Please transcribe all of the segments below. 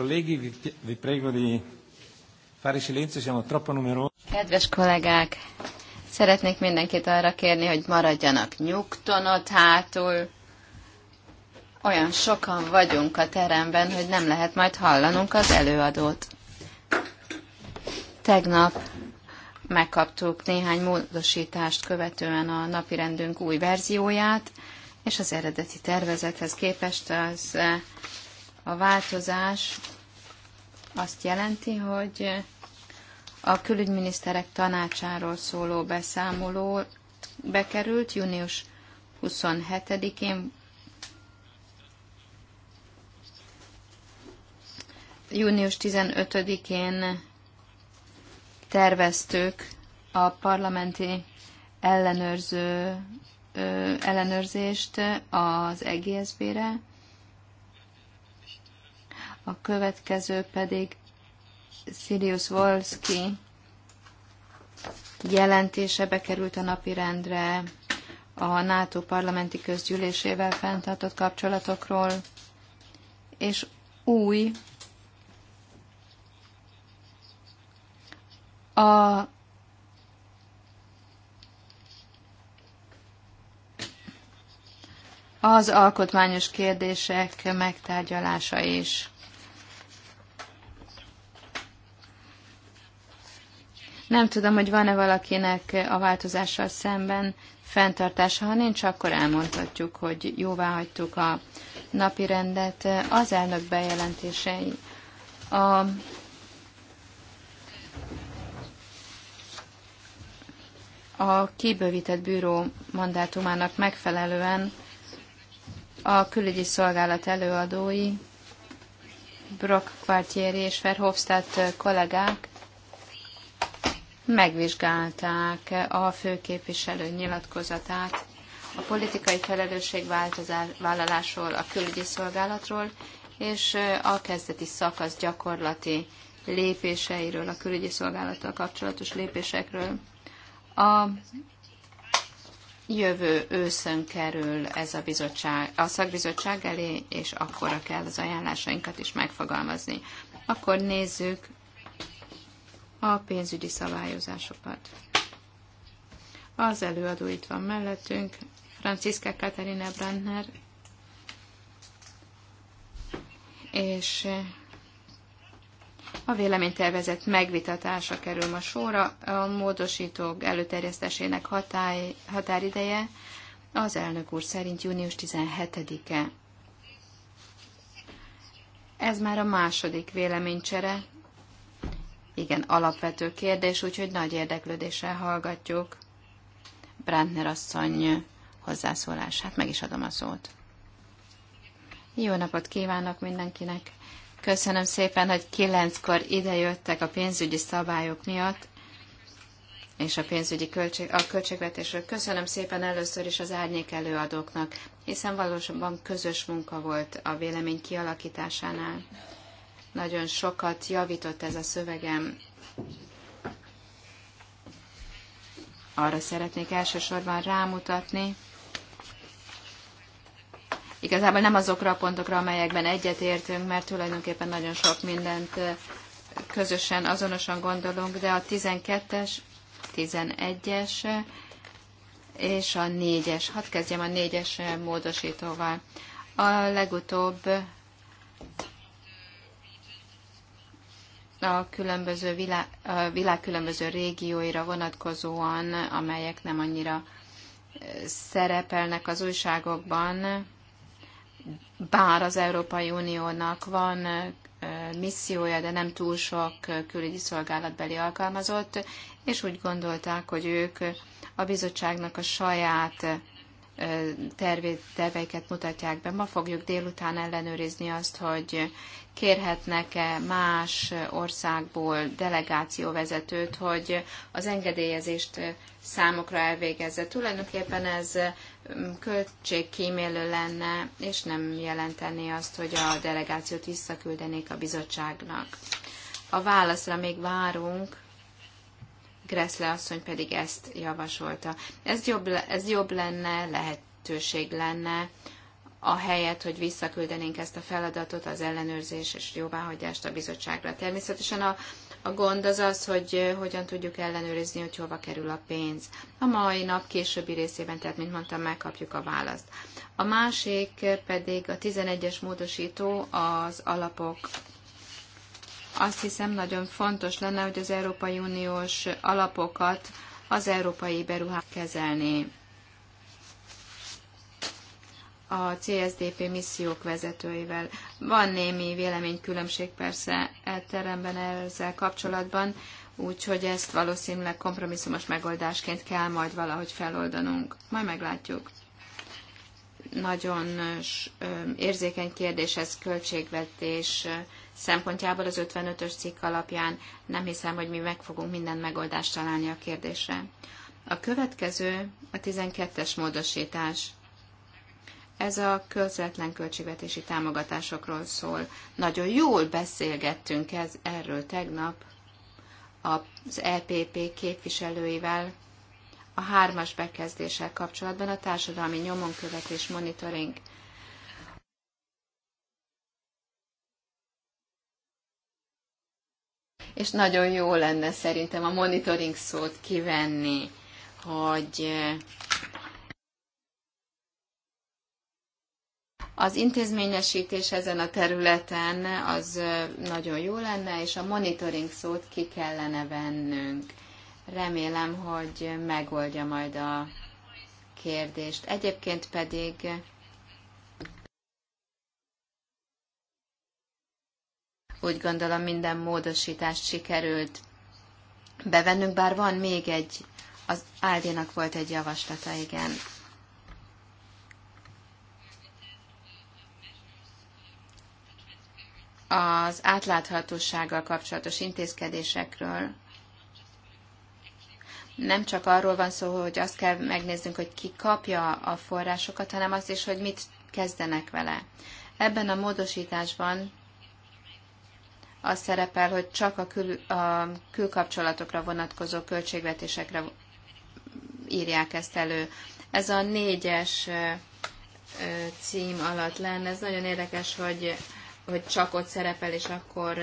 Colleghi, vi, vi prego di fare silenzio, siamo troppo numerosi. Kedves kollégák, szeretnék mindenkit arra kérni, hogy maradjanak nyugton ott hátul. Olyan sokan vagyunk a teremben, hogy nem lehet majd hallanunk az előadót. Tegnap megkaptuk néhány módosítást követően a napirendünk új verzióját, és az eredeti tervezethez képest az eh, a változás azt jelenti, hogy a külügyminiszterek tanácsáról szóló beszámoló bekerült június 27-én. Június 15-én terveztük a parlamenti ellenőrző ellenőrzést az egészbére. re a következő pedig Sirius Wolski jelentése bekerült a napirendre a NATO parlamenti közgyűlésével fenntartott kapcsolatokról, és új a az alkotmányos kérdések megtárgyalása is. Nem tudom, hogy van-e valakinek a változással szemben fenntartása. Ha nincs, akkor elmondhatjuk, hogy jóvá hagytuk a napi rendet. Az elnök bejelentései. A a kibővített bűró mandátumának megfelelően a külügyi szolgálat előadói, Brock Quartieri és Verhofstadt kollégák megvizsgálták a főképviselő nyilatkozatát a politikai felelősség vállalásról, a külügyi szolgálatról és a kezdeti szakasz gyakorlati lépéseiről, a külügyi szolgálattal kapcsolatos lépésekről. A jövő őszön kerül ez a bizottság, a szakbizottság elé, és akkor kell az ajánlásainkat is megfogalmazni. Akkor nézzük a pénzügyi szabályozásokat. Az előadó itt van mellettünk, Franciszka Katarina Brandner, és eh, a véleménytervezet megvitatása kerül ma sorra, a módosítók előterjesztésének hatály, határideje az elnök úr szerint június 17-e. Ez már a második véleménycsere igen alapvető kérdés, úgyhogy nagy érdeklődéssel hallgatjuk Brandner asszony hozzászólását. Meg is adom a szót. Jó napot kívánok mindenkinek! Köszönöm szépen, hogy kilenckor idejöttek a pénzügyi szabályok miatt, és a pénzügyi költség, a költségvetésről. Köszönöm szépen először is az árnyék előadóknak, hiszen valóban közös munka volt a vélemény kialakításánál. Nagyon sokat javított ez a szövegem. Arra szeretnék elsősorban rámutatni, igazából nem azokra a pontokra, amelyekben egyetértünk, mert tulajdonképpen nagyon sok mindent közösen, azonosan gondolunk, de a 12-es, 11-es és a 4-es. Hadd kezdjem a 4-es módosítóval. A legutóbb a különböző világ, a világ különböző régióira vonatkozóan, amelyek nem annyira szerepelnek az újságokban, bár az Európai Uniónak van missziója, de nem túl sok külügyi szolgálatbeli alkalmazott, és úgy gondolták, hogy ők a bizottságnak a saját tervét, terveiket mutatják be. Ma fogjuk délután ellenőrizni azt, hogy kérhetnek-e más országból delegációvezetőt, hogy az engedélyezést számokra elvégezze. Tulajdonképpen ez mm, költségkímélő lenne, és nem jelenteni azt, hogy a delegációt visszaküldenék a bizottságnak. A válaszra még várunk, Gressle asszony pedig ezt javasolta. Ez jobb, ez jobb lenne, lehetőség lenne a helyet, hogy visszaküldenénk ezt a feladatot, az ellenőrzés és jóváhagyást a bizottságra. Természetesen a, a gond az az, hogy eh, hogyan tudjuk ellenőrizni, hogy hova kerül a pénz. A mai nap későbbi részében, tehát mint mondtam, megkapjuk a választ. A másik pedig a 11-es módosító az alapok. Azt hiszem nagyon fontos lenne, hogy az Európai Uniós alapokat az európai beruhát kezelni a CSDP missziók vezetőivel. Van némi véleménykülönbség persze elteremben ezzel kapcsolatban, úgyhogy ezt valószínűleg kompromisszumos megoldásként kell majd valahogy feloldanunk. Majd meglátjuk. Nagyon érzékeny kérdés ez költségvetés szempontjából az 55-ös cikk alapján. Nem hiszem, hogy mi meg fogunk minden megoldást találni a kérdésre. A következő a 12-es módosítás ez a közvetlen költségvetési támogatásokról szól. Nagyon jól beszélgettünk ez, erről tegnap az EPP képviselőivel a hármas bekezdéssel kapcsolatban a társadalmi nyomonkövetés monitoring és nagyon jó lenne szerintem a monitoring szót kivenni, hogy Az intézményesítés ezen a területen az nagyon jó lenne, és a monitoring szót ki kellene vennünk. Remélem, hogy megoldja majd a kérdést. Egyébként pedig úgy gondolom minden módosítást sikerült bevennünk, bár van még egy, az Áldénak volt egy javaslata, igen. az átláthatósággal kapcsolatos intézkedésekről. Nem csak arról van szó, hogy azt kell megnéznünk, hogy ki kapja a forrásokat, hanem azt is, hogy mit kezdenek vele. Ebben a módosításban az szerepel, hogy csak a, kül, a külkapcsolatokra vonatkozó költségvetésekre írják ezt elő. Ez a négyes cím alatt lenne. Ez nagyon érdekes, hogy hogy csak ott szerepel, és akkor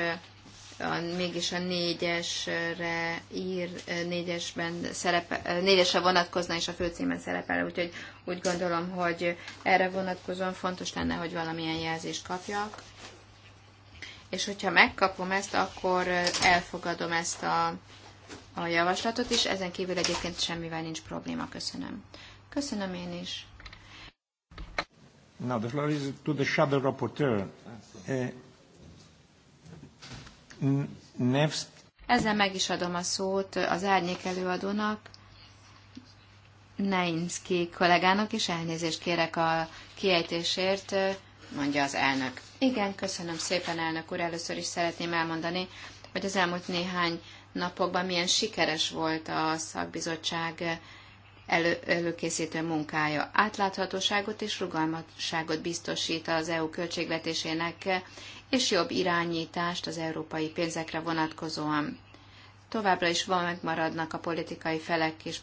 a, mégis a négyesre ír, négyesben szerepel, négyesre vonatkozna, és a főcímen szerepel, úgyhogy úgy gondolom, hogy erre vonatkozóan fontos lenne, hogy valamilyen jelzést kapjak. És hogyha megkapom ezt, akkor elfogadom ezt a, a javaslatot, is. ezen kívül egyébként semmivel nincs probléma. Köszönöm. Köszönöm én is. Now the floor is to the shadow rapporteur. Eh, next. Ezzel meg is adom a szót az árnyék előadónak, Neinszki kollégának, és elnézést kérek a kiejtésért, mondja az elnök. Igen, köszönöm szépen, elnök úr. Először is szeretném elmondani, hogy az elmúlt néhány napokban milyen sikeres volt a szakbizottság elő, előkészítő munkája. Átláthatóságot és rugalmasságot biztosít az EU költségvetésének, és jobb irányítást az európai pénzekre vonatkozóan. Továbbra is van, megmaradnak a politikai felek és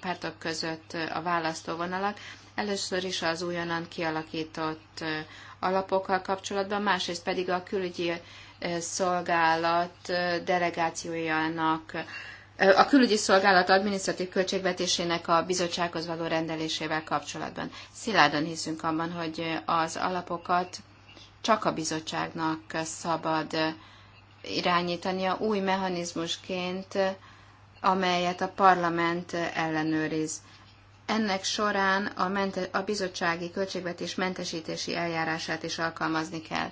pártok között a választóvonalak, először is az újonnan kialakított alapokkal kapcsolatban, másrészt pedig a külügyi szolgálat delegációjának a külügyi szolgálat adminisztratív költségvetésének a bizottsághoz való rendelésével kapcsolatban. Szilárdan hiszünk abban, hogy az alapokat csak a bizottságnak szabad irányítania új mechanizmusként, amelyet a parlament ellenőriz. Ennek során a, mente, a bizottsági költségvetés mentesítési eljárását is alkalmazni kell.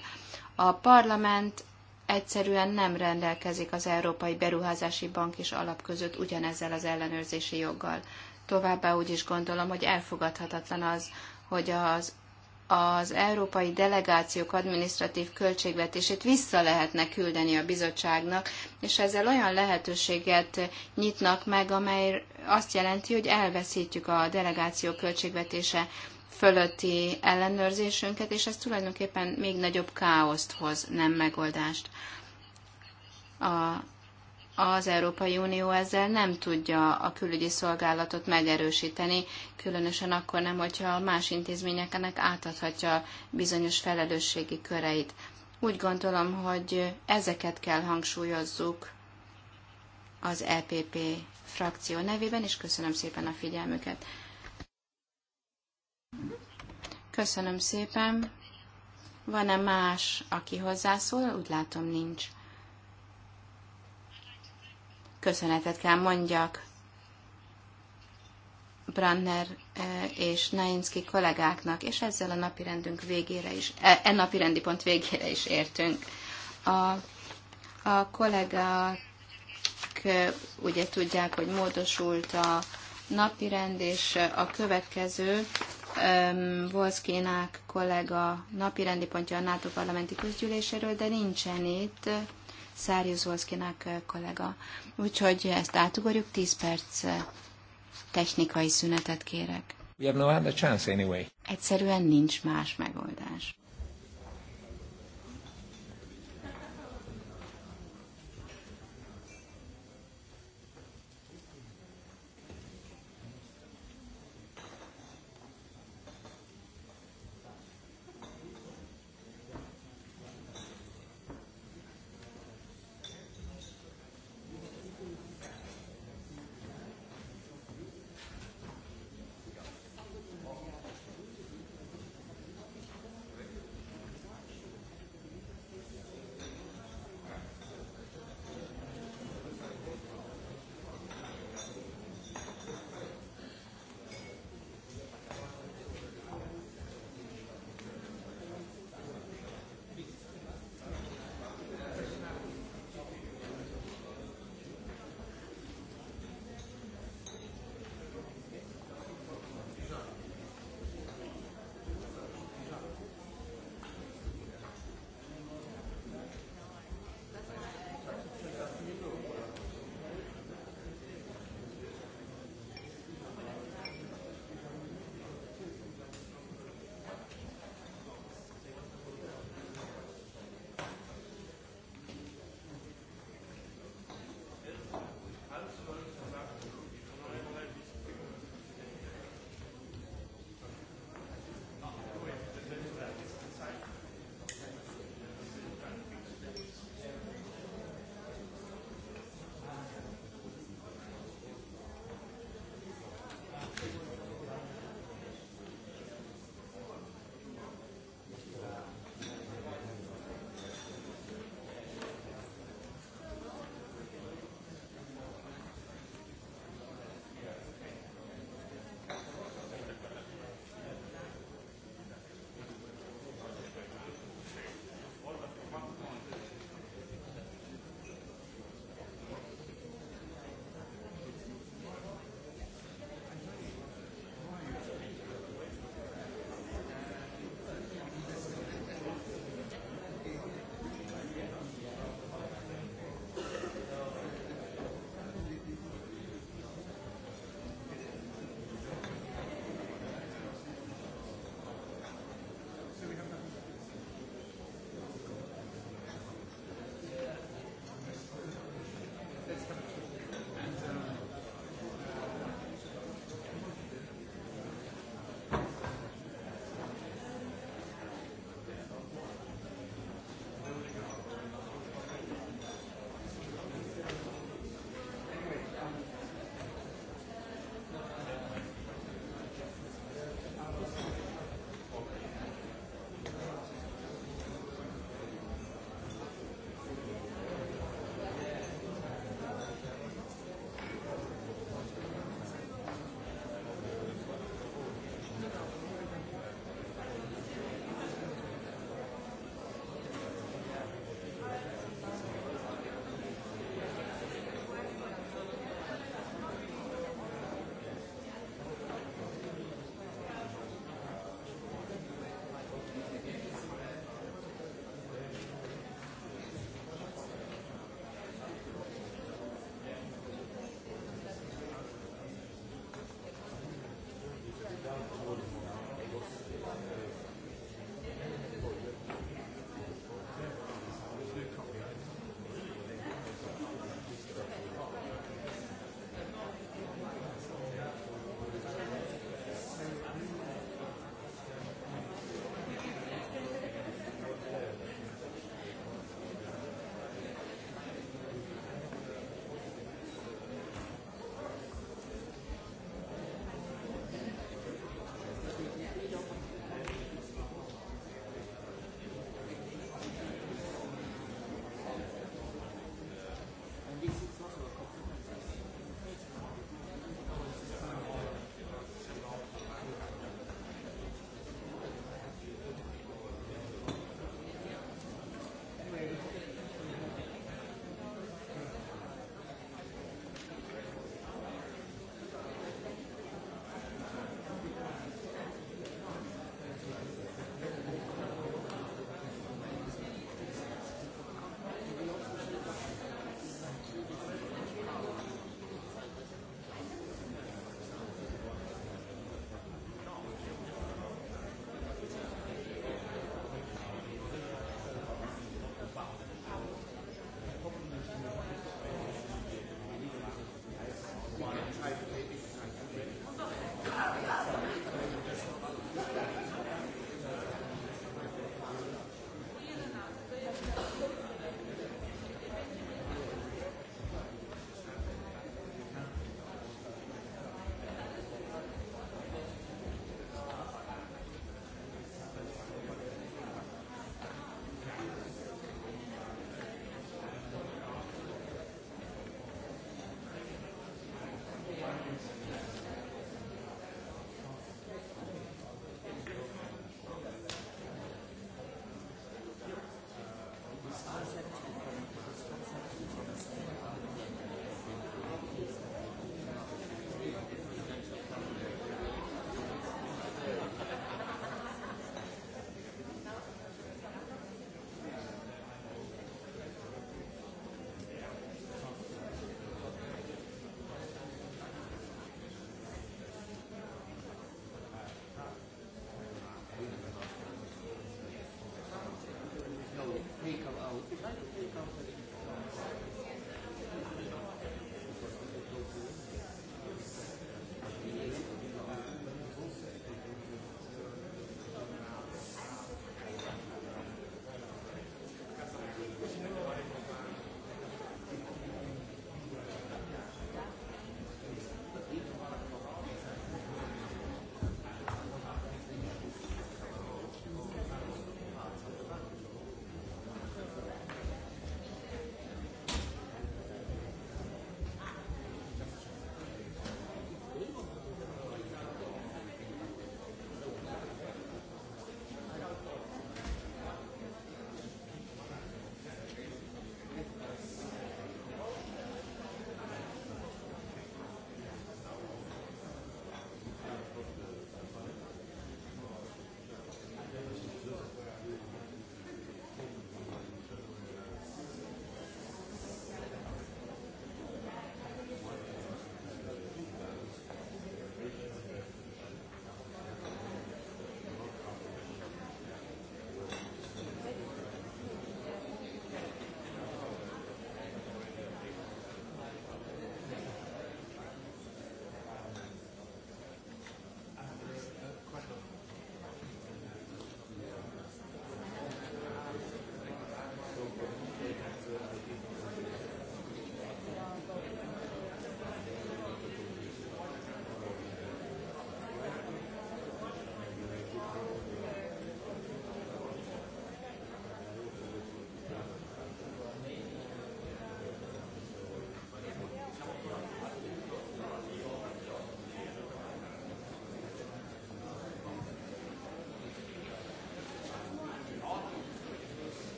A parlament egyszerűen nem rendelkezik az Európai Beruházási Bank és Alap között ugyanezzel az ellenőrzési joggal. Továbbá úgy is gondolom, hogy elfogadhatatlan az, hogy az az európai delegációk adminisztratív költségvetését vissza lehetne küldeni a bizottságnak, és ezzel olyan lehetőséget nyitnak meg, amely azt jelenti, hogy elveszítjük a delegáció költségvetése fölötti ellenőrzésünket, és ez tulajdonképpen még nagyobb káoszt hoz, nem megoldást. A, az Európai Unió ezzel nem tudja a külügyi szolgálatot megerősíteni, különösen akkor nem, hogyha más intézményeknek átadhatja bizonyos felelősségi köreit. Úgy gondolom, hogy ezeket kell hangsúlyozzuk az EPP frakció nevében, és köszönöm szépen a figyelmüket. Köszönöm szépen. Van-e más, aki hozzászól? Úgy látom, nincs. Köszönetet kell mondjak Branner eh, és Nainski kollégáknak, és ezzel a napirendünk végére is, eh, e napirendi pont végére is értünk. A, a kollégák eh, ugye tudják, hogy módosult a napirend, és a következő um, Volszkénák kollega napi rendi pontja a NATO parlamenti közgyűléséről, de nincsen itt Szárius Volszkénák kollega. Úgyhogy ezt átugorjuk, 10 perc technikai szünetet kérek. We have no other chance anyway. Egyszerűen nincs más megoldás.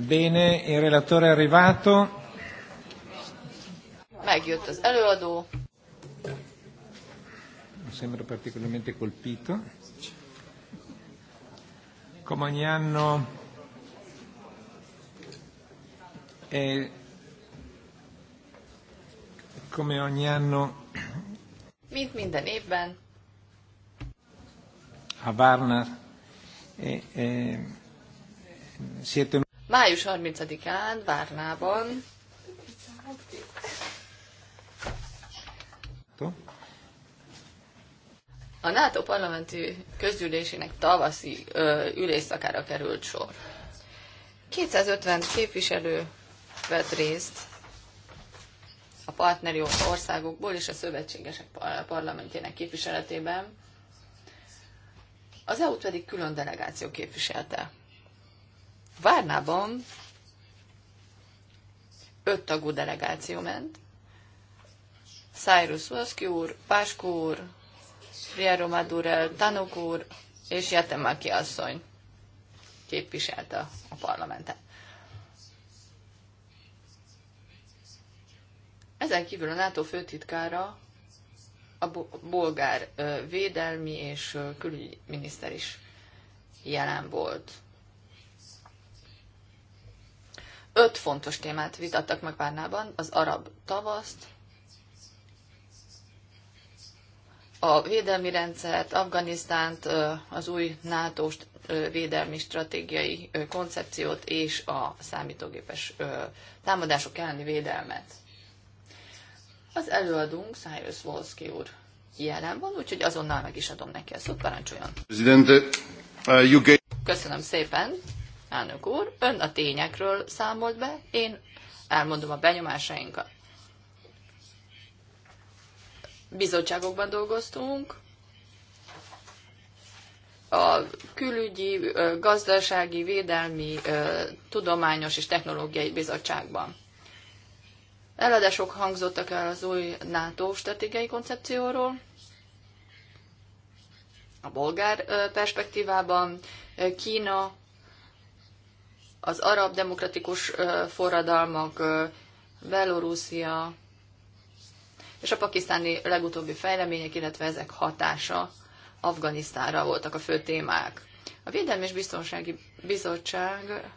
Bene, il relatore è arrivato. Megjött az előadó. Non sembra particolarmente colpito. Come ogni anno è come ogni anno mint minden évben a Varna e, e, siete Május 30-án Várnában. A NATO parlamenti közgyűlésének tavaszi ö, ülésszakára került sor. 250 képviselő vett részt a partneri országokból és a szövetségesek parlamentjének képviseletében. Az EU pedig külön delegáció képviselte. Várnában öt tagú delegáció ment. Cyrus Vaszki úr, Páskó úr, Riero Madurel, Tanok úr és Jatemaki asszony képviselte a parlamentet. Ezen kívül a NATO főtitkára a bolgár védelmi és külügyminiszter is jelen volt. öt fontos témát vitattak meg Várnában, az arab tavaszt, a védelmi rendszert, Afganisztánt, az új nato védelmi stratégiai koncepciót és a számítógépes támadások elleni védelmet. Az előadunk Cyrus Wolski úr jelen van, úgyhogy azonnal meg is adom neki a szót, parancsoljon. Uh, Köszönöm szépen elnök úr, ön a tényekről számolt be, én elmondom a benyomásainkat. Bizottságokban dolgoztunk, a külügyi, gazdasági, védelmi, tudományos és technológiai bizottságban. Eladások hangzottak el az új NATO stratégiai koncepcióról, a bolgár perspektívában, Kína, az arab demokratikus forradalmak, Belorúszia, és a pakisztáni legutóbbi fejlemények, illetve ezek hatása Afganisztánra voltak a fő témák. A Védelmi és Biztonsági Bizottság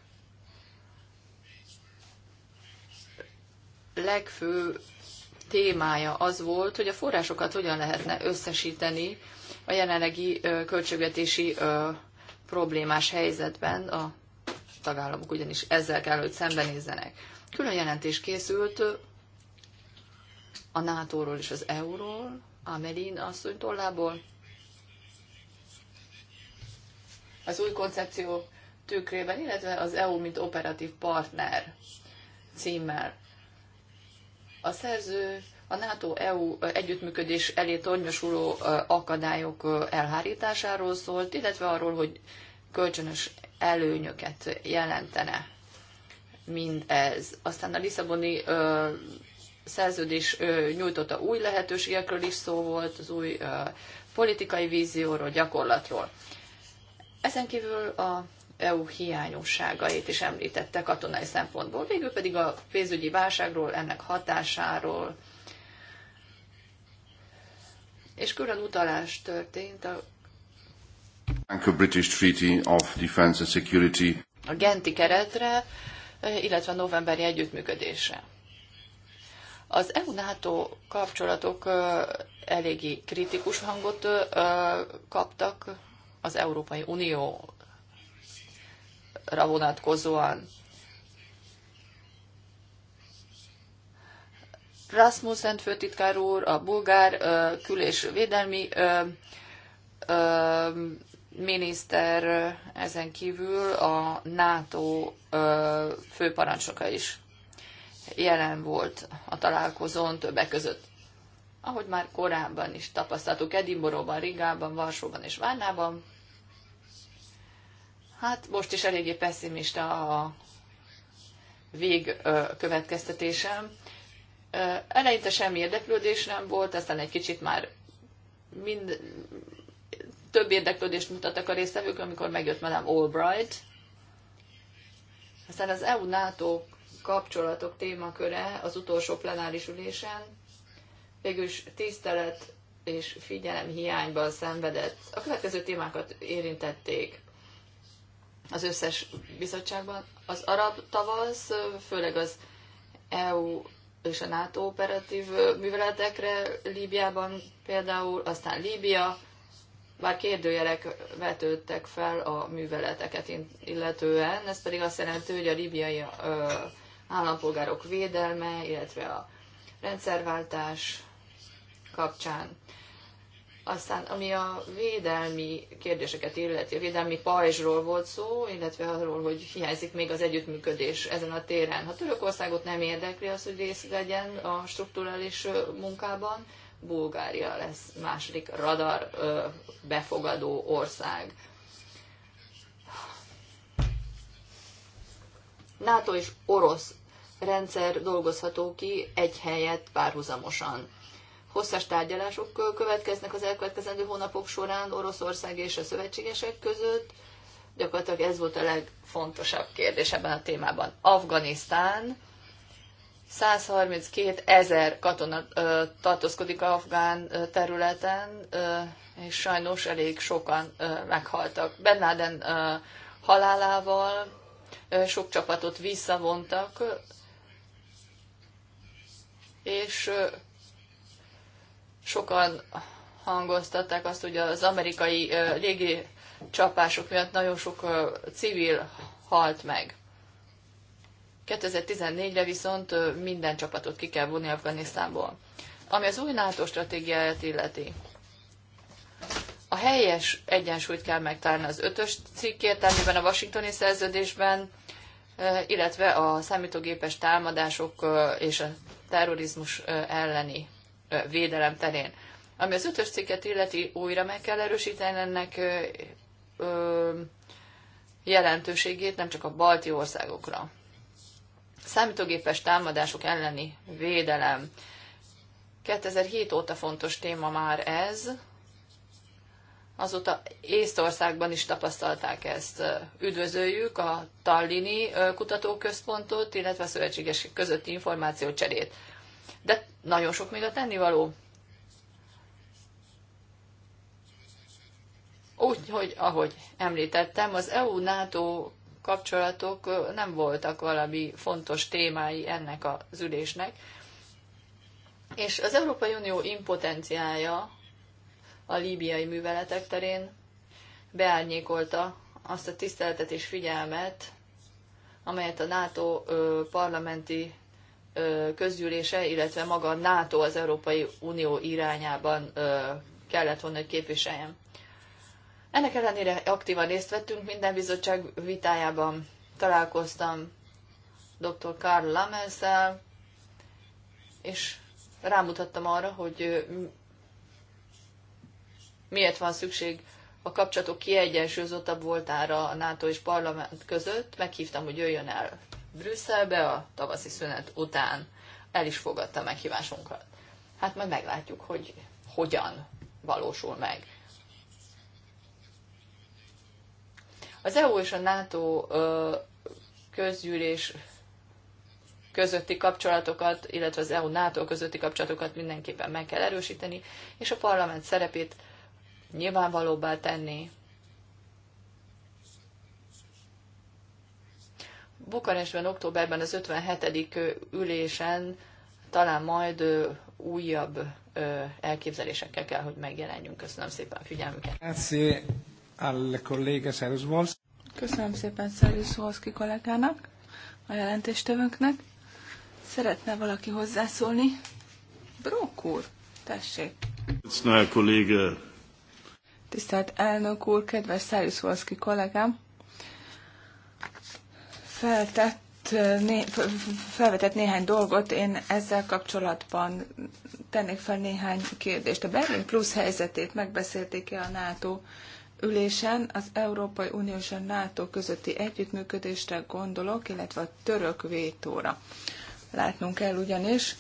legfő témája az volt, hogy a forrásokat hogyan lehetne összesíteni a jelenlegi költségvetési problémás helyzetben a tagállamok ugyanis ezzel kell, hogy szembenézzenek. Külön jelentés készült a NATO-ról és az EU-ról, Amelin asszony tollából. Az új koncepció tükrében, illetve az EU, mint operatív partner címmel. A szerző a NATO-EU együttműködés elé tornyosuló akadályok elhárításáról szólt, illetve arról, hogy kölcsönös előnyöket jelentene mindez. Aztán a Lisszaboni ö, szerződés ö, nyújtotta új lehetőségekről is szó volt, az új ö, politikai vízióról, gyakorlatról. Ezen kívül a EU hiányosságait is említette katonai szempontból, végül pedig a pénzügyi válságról, ennek hatásáról, és külön utalás történt a a British Treaty of and Security. A genti keretre, illetve a novemberi együttműködésre. Az EU-NATO kapcsolatok eléggé kritikus hangot kaptak az Európai Unióra vonatkozóan. Rasmussen főtitkár úr, a bulgár kül- és védelmi miniszter ezen kívül a NATO főparancsnoka is jelen volt a találkozón többek között. Ahogy már korábban is tapasztaltuk Edinboróban, Rigában, Varsóban és Várnában, hát most is eléggé pessimista a végkövetkeztetésem. Eleinte semmi érdeklődés nem volt, aztán egy kicsit már mind, több érdeklődést mutattak a résztvevők, amikor megjött Madame Albright. Aztán az EU-NATO kapcsolatok témaköre az utolsó plenáris ülésen végül is tisztelet és figyelem hiányban szenvedett. A következő témákat érintették az összes bizottságban. Az arab tavasz, főleg az EU és a NATO operatív műveletekre Líbiában például, aztán Líbia, bár kérdőjelek vetődtek fel a műveleteket illetően, ez pedig azt jelenti, hogy a libiai állampolgárok védelme, illetve a rendszerváltás kapcsán. Aztán, ami a védelmi kérdéseket illeti, a védelmi pajzsról volt szó, illetve arról, hogy hiányzik még az együttműködés ezen a téren. Ha Törökországot nem érdekli az, hogy részt legyen a strukturális munkában, Bulgária lesz második radar befogadó ország. NATO és orosz rendszer dolgozható ki egy helyet párhuzamosan. Hosszas tárgyalások következnek az elkövetkezendő hónapok során Oroszország és a szövetségesek között. Gyakorlatilag ez volt a legfontosabb kérdés ebben a témában. Afganisztán 132 ezer katona ö, tartózkodik afgán ö, területen, ö, és sajnos elég sokan ö, meghaltak. Ben Laden ö, halálával ö, sok csapatot visszavontak, és ö, sokan hangoztatták azt, hogy az amerikai ö, légi csapások miatt nagyon sok ö, civil halt meg. 2014-re viszont minden csapatot ki kell vonni Afganisztánból. Ami az új NATO stratégiáját illeti, a helyes egyensúlyt kell megtalálni az ötös cikk értelmében a washingtoni szerződésben, illetve a számítógépes támadások és a terrorizmus elleni védelem terén. Ami az ötös cikket illeti, újra meg kell erősíteni ennek jelentőségét nem csak a balti országokra. Számítógépes támadások elleni védelem. 2007 óta fontos téma már ez. Azóta Észtországban is tapasztalták ezt. Üdvözöljük a Tallini Kutatóközpontot, illetve a szövetséges közötti információcserét. De nagyon sok még a tennivaló. Úgy, hogy ahogy említettem, az EU-NATO kapcsolatok nem voltak valami fontos témái ennek az ülésnek. És az Európai Unió impotenciája a líbiai műveletek terén beárnyékolta azt a tiszteletet és figyelmet, amelyet a NATO parlamenti közgyűlése, illetve maga a NATO az Európai Unió irányában kellett volna, hogy képviseljen. Ennek ellenére aktívan részt vettünk minden bizottság vitájában. Találkoztam dr. Karl Lamelszel, és rámutattam arra, hogy miért van szükség a kapcsolatok kiegyensúlyozottabb voltára a NATO és parlament között. Meghívtam, hogy jöjjön el Brüsszelbe a tavaszi szünet után. El is fogadta meghívásunkat. Hát majd meglátjuk, hogy hogyan valósul meg. Az EU és a NATO közgyűlés közötti kapcsolatokat, illetve az EU-NATO közötti kapcsolatokat mindenképpen meg kell erősíteni, és a parlament szerepét nyilvánvalóbbá tenni. Bukarestben októberben az 57. ülésen talán majd újabb elképzelésekkel kell, hogy megjelenjünk. Köszönöm szépen a figyelmüket al kolléga Szeruzvolsz. Köszönöm szépen Szeruzvolszki kollégának, a jelentéstövőnknek. Szeretne valaki hozzászólni? Brók úr, tessék. Köszönöm, kolléga. Tisztelt elnök úr, kedves Szeruzvolszki kollégám. Feltett né, felvetett néhány dolgot, én ezzel kapcsolatban tennék fel néhány kérdést. A Berlin Plus helyzetét megbeszélték-e a NATO ülésen az Európai Unió és a NATO közötti együttműködésre gondolok, illetve a török vétóra. Látnunk kell ugyanis,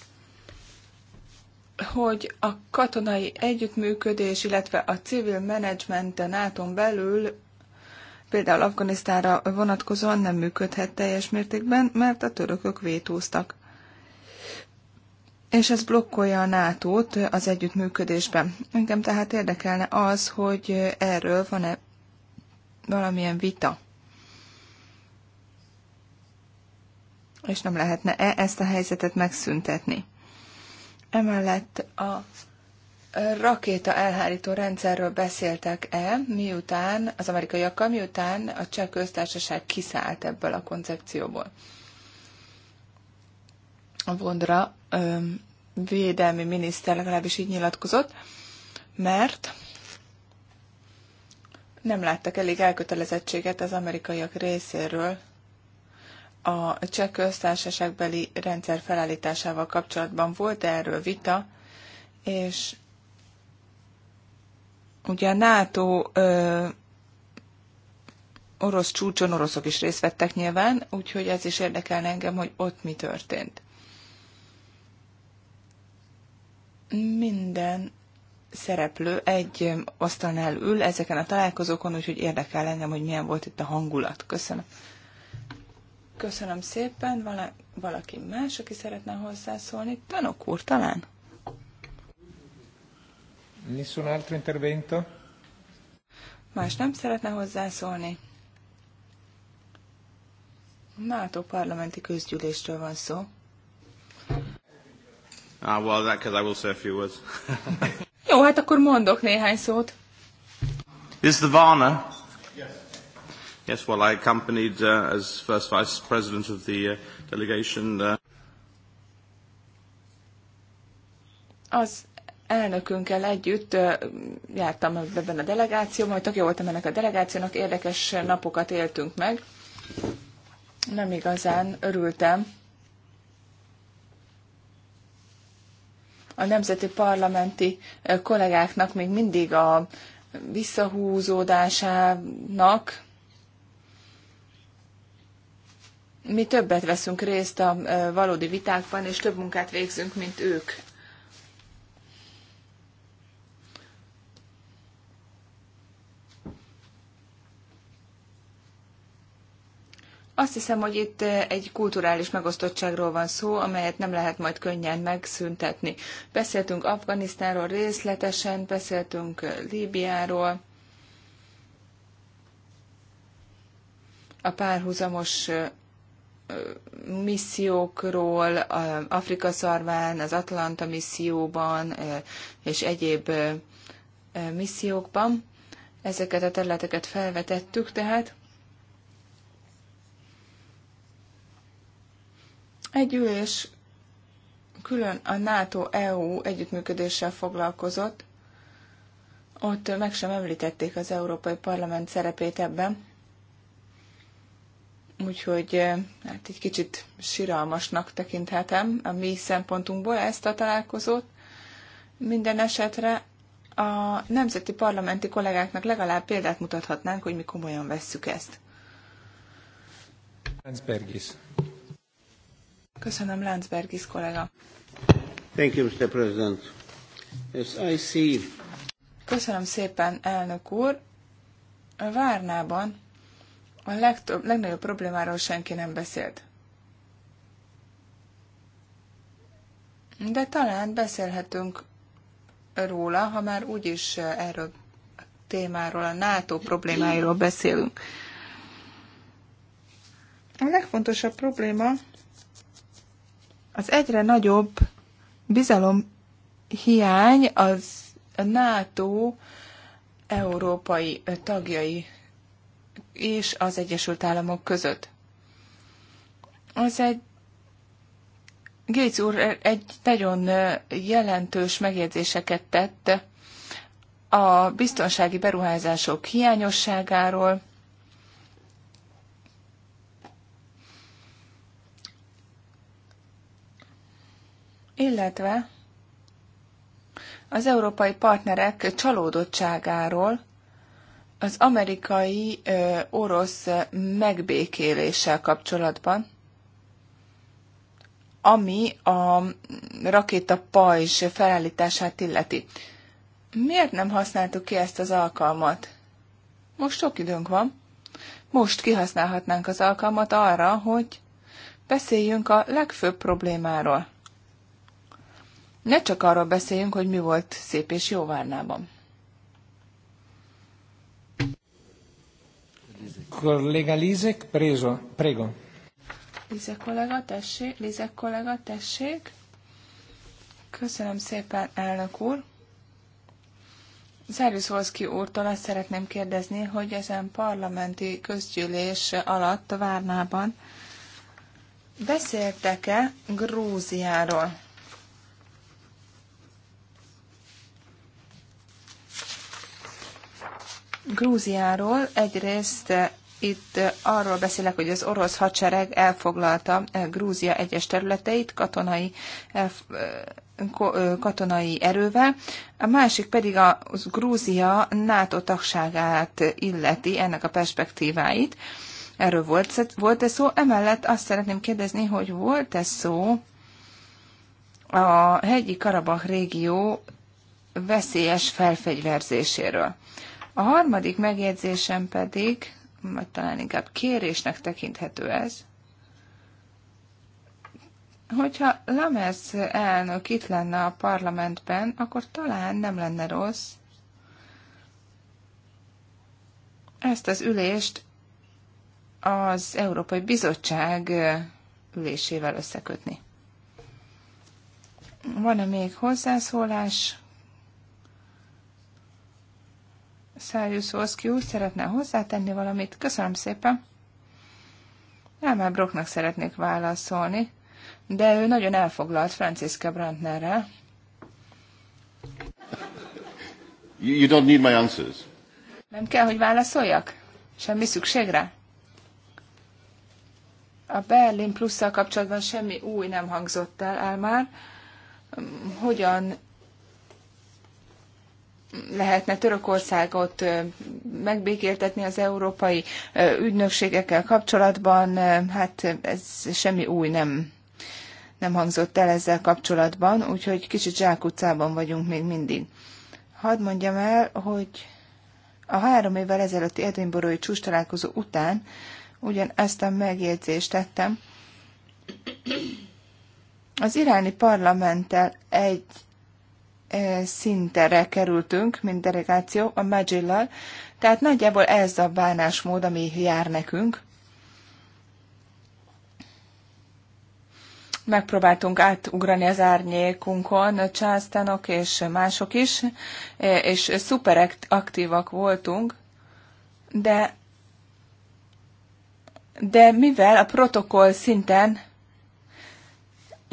hogy a katonai együttműködés, illetve a civil menedzsment a nato belül például Afganisztára vonatkozóan nem működhet teljes mértékben, mert a törökök vétóztak és ez blokkolja a nato az együttműködésben. Engem tehát érdekelne az, hogy erről van-e valamilyen vita. És nem lehetne-e ezt a helyzetet megszüntetni. Emellett a rakéta elhárító rendszerről beszéltek-e, miután az amerikaiakkal, miután a cseh köztársaság kiszállt ebből a koncepcióból. A Vondra védelmi miniszter legalábbis így nyilatkozott, mert nem láttak elég elkötelezettséget az amerikaiak részéről a cseh köztársaságbeli rendszer felállításával kapcsolatban. Volt erről vita, és ugye a NATO ö, orosz csúcson oroszok is részt vettek nyilván, úgyhogy ez is érdekel engem, hogy ott mi történt. minden szereplő egy asztalnál ül ezeken a találkozókon, úgyhogy érdekel engem, hogy milyen volt itt a hangulat. Köszönöm. Köszönöm szépen. Vala, valaki más, aki szeretne hozzászólni? Tanok úr, talán? Nessun altro intervento? Más nem szeretne hozzászólni? NATO parlamenti közgyűlésről van szó. Ah, well, that because I will say a few words. Jó, hát akkor mondok néhány szót. is the Varna. Yes. Yes, well, I accompanied uh, as first vice president of the uh, delegation. Uh... Az elnökünkkel együtt uh, jártam ebben a delegációban, hogy tagja voltam ennek a delegációnak, érdekes napokat éltünk meg. Nem igazán örültem a nemzeti parlamenti eh, kollégáknak még mindig a visszahúzódásának, mi többet veszünk részt a eh, valódi vitákban, és több munkát végzünk, mint ők. Azt hiszem, hogy itt egy kulturális megosztottságról van szó, amelyet nem lehet majd könnyen megszüntetni. Beszéltünk Afganisztánról részletesen, beszéltünk Líbiáról, a párhuzamos missziókról, Afrika szarván, az Atlanta misszióban és egyéb missziókban. Ezeket a területeket felvetettük tehát. Egy ülés külön a NATO-EU együttműködéssel foglalkozott, ott meg sem említették az Európai Parlament szerepét ebben, úgyhogy eh, hát egy kicsit siralmasnak tekinthetem a mi szempontunkból ezt a találkozót. Minden esetre a nemzeti parlamenti kollégáknak legalább példát mutathatnánk, hogy mi komolyan vesszük ezt. Köszönöm, Lánzbergis kollega. Thank you, Mr. President. Yes, I see. Köszönöm szépen, elnök úr. A Várnában a legtöbb, legnagyobb problémáról senki nem beszélt. De talán beszélhetünk róla, ha már úgyis erről a témáról, a NATO problémáiról beszélünk. A legfontosabb probléma az egyre nagyobb bizalom hiány az a NATO európai tagjai és az Egyesült Államok között. Az egy Gates úr egy nagyon jelentős megjegyzéseket tett a biztonsági beruházások hiányosságáról, illetve az európai partnerek csalódottságáról az amerikai ö, orosz megbékéléssel kapcsolatban, ami a rakéta pajzs felállítását illeti. Miért nem használtuk ki ezt az alkalmat? Most sok időnk van. Most kihasználhatnánk az alkalmat arra, hogy beszéljünk a legfőbb problémáról. Ne csak arról beszéljünk, hogy mi volt szép és jó Várnában. Kollega Lizek, prezo, prego. Lizek kollega, tessék, Lizek kollega, tessék. Köszönöm szépen, elnök úr. Szerjusz Volszki úrtól azt szeretném kérdezni, hogy ezen parlamenti közgyűlés alatt Várnában beszéltek-e Grúziáról? Grúziáról egyrészt eh, itt eh, arról beszélek, hogy az orosz hadsereg elfoglalta eh, Grúzia egyes területeit katonai, katonai erővel, a másik pedig a Grúzia NATO tagságát illeti ennek a perspektíváit. Erről volt, volt-e szó? Emellett azt szeretném kérdezni, hogy volt-e szó a hegyi Karabach régió veszélyes felfegyverzéséről. A harmadik megjegyzésem pedig, vagy talán inkább kérésnek tekinthető ez, hogyha Lamers elnök itt lenne a parlamentben, akkor talán nem lenne rossz ezt az ülést az Európai Bizottság ülésével összekötni. Van-e még hozzászólás? Szájus Oszki úr szeretne hozzátenni valamit. Köszönöm szépen. Elmár Brocknak szeretnék válaszolni, de ő nagyon elfoglalt Franciska Brandnerrel. You don't need my answers. Nem kell, hogy válaszoljak? Semmi szükségre? A Berlin plusszal kapcsolatban semmi új nem hangzott el, el már. Hogyan lehetne Törökországot megbékéltetni az európai ügynökségekkel kapcsolatban, hát ez semmi új nem, nem hangzott el ezzel kapcsolatban, úgyhogy kicsit zsákutcában vagyunk még mindig. Hadd mondjam el, hogy a három évvel ezelőtti Edinburghi csúcs találkozó után ugyan ezt a megjegyzést tettem, az iráni parlamenttel egy E, szintere kerültünk, mint delegáció, a Magillal, tehát nagyjából ez a bánásmód, ami jár nekünk. megpróbáltunk átugrani az árnyékunkon, Császtánok és mások is, e, és szuper aktívak voltunk, de, de mivel a protokoll szinten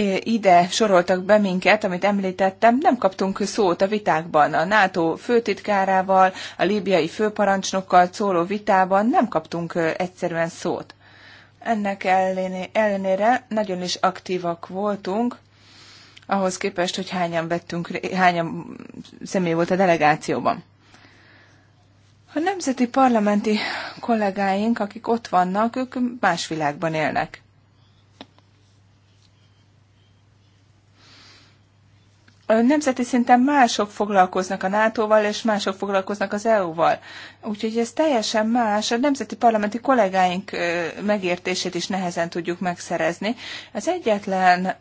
E, ide soroltak be minket, amit említettem, nem kaptunk szót a vitákban. A NATO főtitkárával, a líbiai főparancsnokkal szóló vitában nem kaptunk e, egyszerűen szót. Ennek ellenére nagyon is aktívak voltunk, ahhoz képest, hogy hányan, vettünk, hányan személy volt a delegációban. A nemzeti parlamenti kollégáink, akik ott vannak, ők más világban élnek. nemzeti szinten mások foglalkoznak a NATO-val, és mások foglalkoznak az EU-val. Úgyhogy ez teljesen más. A nemzeti parlamenti kollégáink megértését is nehezen tudjuk megszerezni. Az egyetlen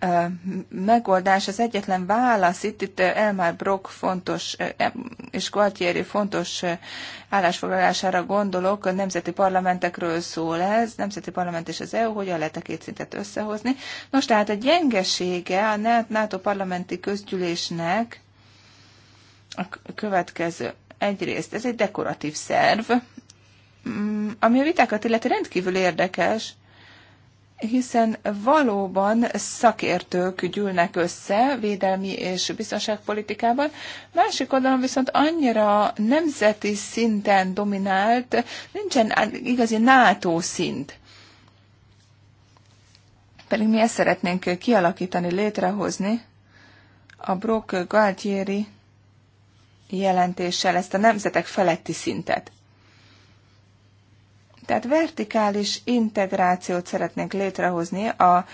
megoldás, az egyetlen válasz, itt, itt Elmar Brock fontos e, és Gualtieri fontos állásfoglalására gondolok, a nemzeti parlamentekről szól ez, nemzeti parlament és az EU, hogyan lehet a két szintet összehozni. Nos, tehát a gyengesége a NATO parlamenti közgyűlésnek a következő Egyrészt ez egy dekoratív szerv, mm, ami a vitákat illeti rendkívül érdekes, hiszen valóban szakértők gyűlnek össze védelmi és biztonságpolitikában, másik oldalon viszont annyira nemzeti szinten dominált, nincsen igazi NATO szint. Pedig mi ezt szeretnénk kialakítani, létrehozni. A Brock Galtieri jelentéssel ezt a nemzetek feletti szintet. Tehát vertikális integrációt szeretnénk létrehozni a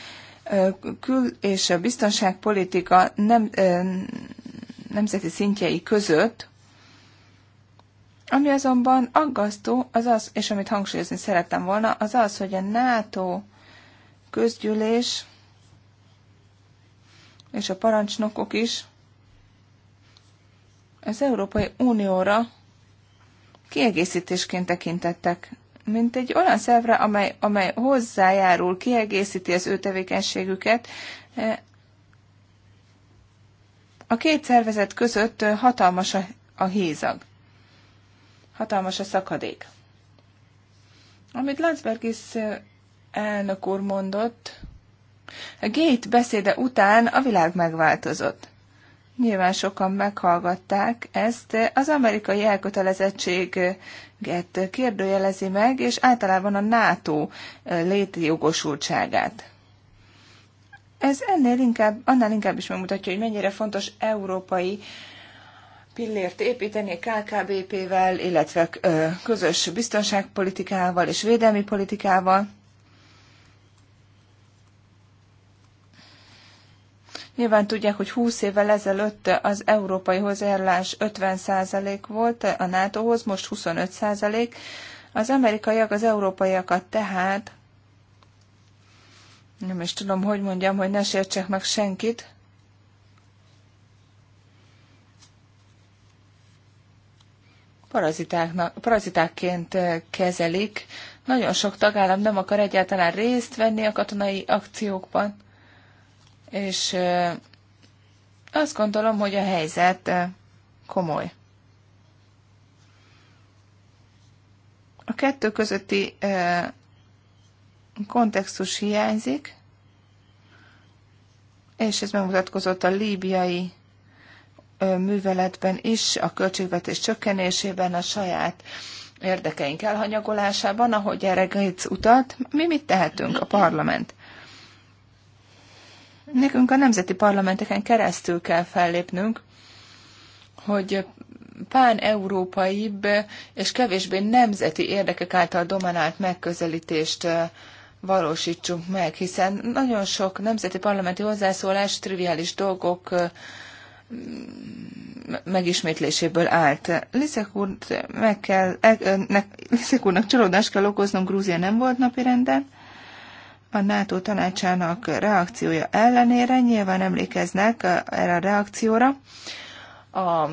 kül- és a biztonságpolitika nem, nemzeti szintjei között, ami azonban aggasztó, az az, és amit hangsúlyozni szerettem volna, az az, hogy a NATO közgyűlés és a parancsnokok is az Európai Unióra kiegészítésként tekintettek, mint egy olyan szervre, amely, amely hozzájárul, kiegészíti az ő tevékenységüket. Eh, a két szervezet között eh, hatalmas a, a hézag, hatalmas a szakadék. Amit Landsbergis eh, elnök úr mondott, a Gate beszéde után a világ megváltozott. Nyilván sokan meghallgatták ezt. Az amerikai elkötelezettséget kérdőjelezi meg, és általában a NATO létjogosultságát. Ez ennél inkább, annál inkább is megmutatja, hogy mennyire fontos európai pillért építeni KKBP-vel, illetve közös biztonságpolitikával és védelmi politikával. Nyilván tudják, hogy 20 évvel ezelőtt az európai hozzájárulás 50% volt a NATO-hoz, most 25%. Az amerikaiak az európaiakat tehát, nem is tudom, hogy mondjam, hogy ne sértsek meg senkit, parazitákként kezelik. Nagyon sok tagállam nem akar egyáltalán részt venni a katonai akciókban és azt gondolom, hogy a helyzet komoly. A kettő közötti kontextus hiányzik, és ez megmutatkozott a líbiai műveletben is, a költségvetés csökkenésében, a saját érdekeink elhanyagolásában, ahogy erre utat, mi mit tehetünk a parlament? nekünk a nemzeti parlamenteken keresztül kell fellépnünk, hogy pán-európaibb és kevésbé nemzeti érdekek által dominált megközelítést eh, valósítsunk meg, hiszen nagyon sok nemzeti parlamenti hozzászólás triviális dolgok eh, megismétléséből állt. Liszek, úr meg kell, eh, úrnak csalódást kell okoznom, Grúzia nem volt napirenden, a NATO tanácsának reakciója ellenére. Nyilván emlékeznek eh, erre a reakcióra. A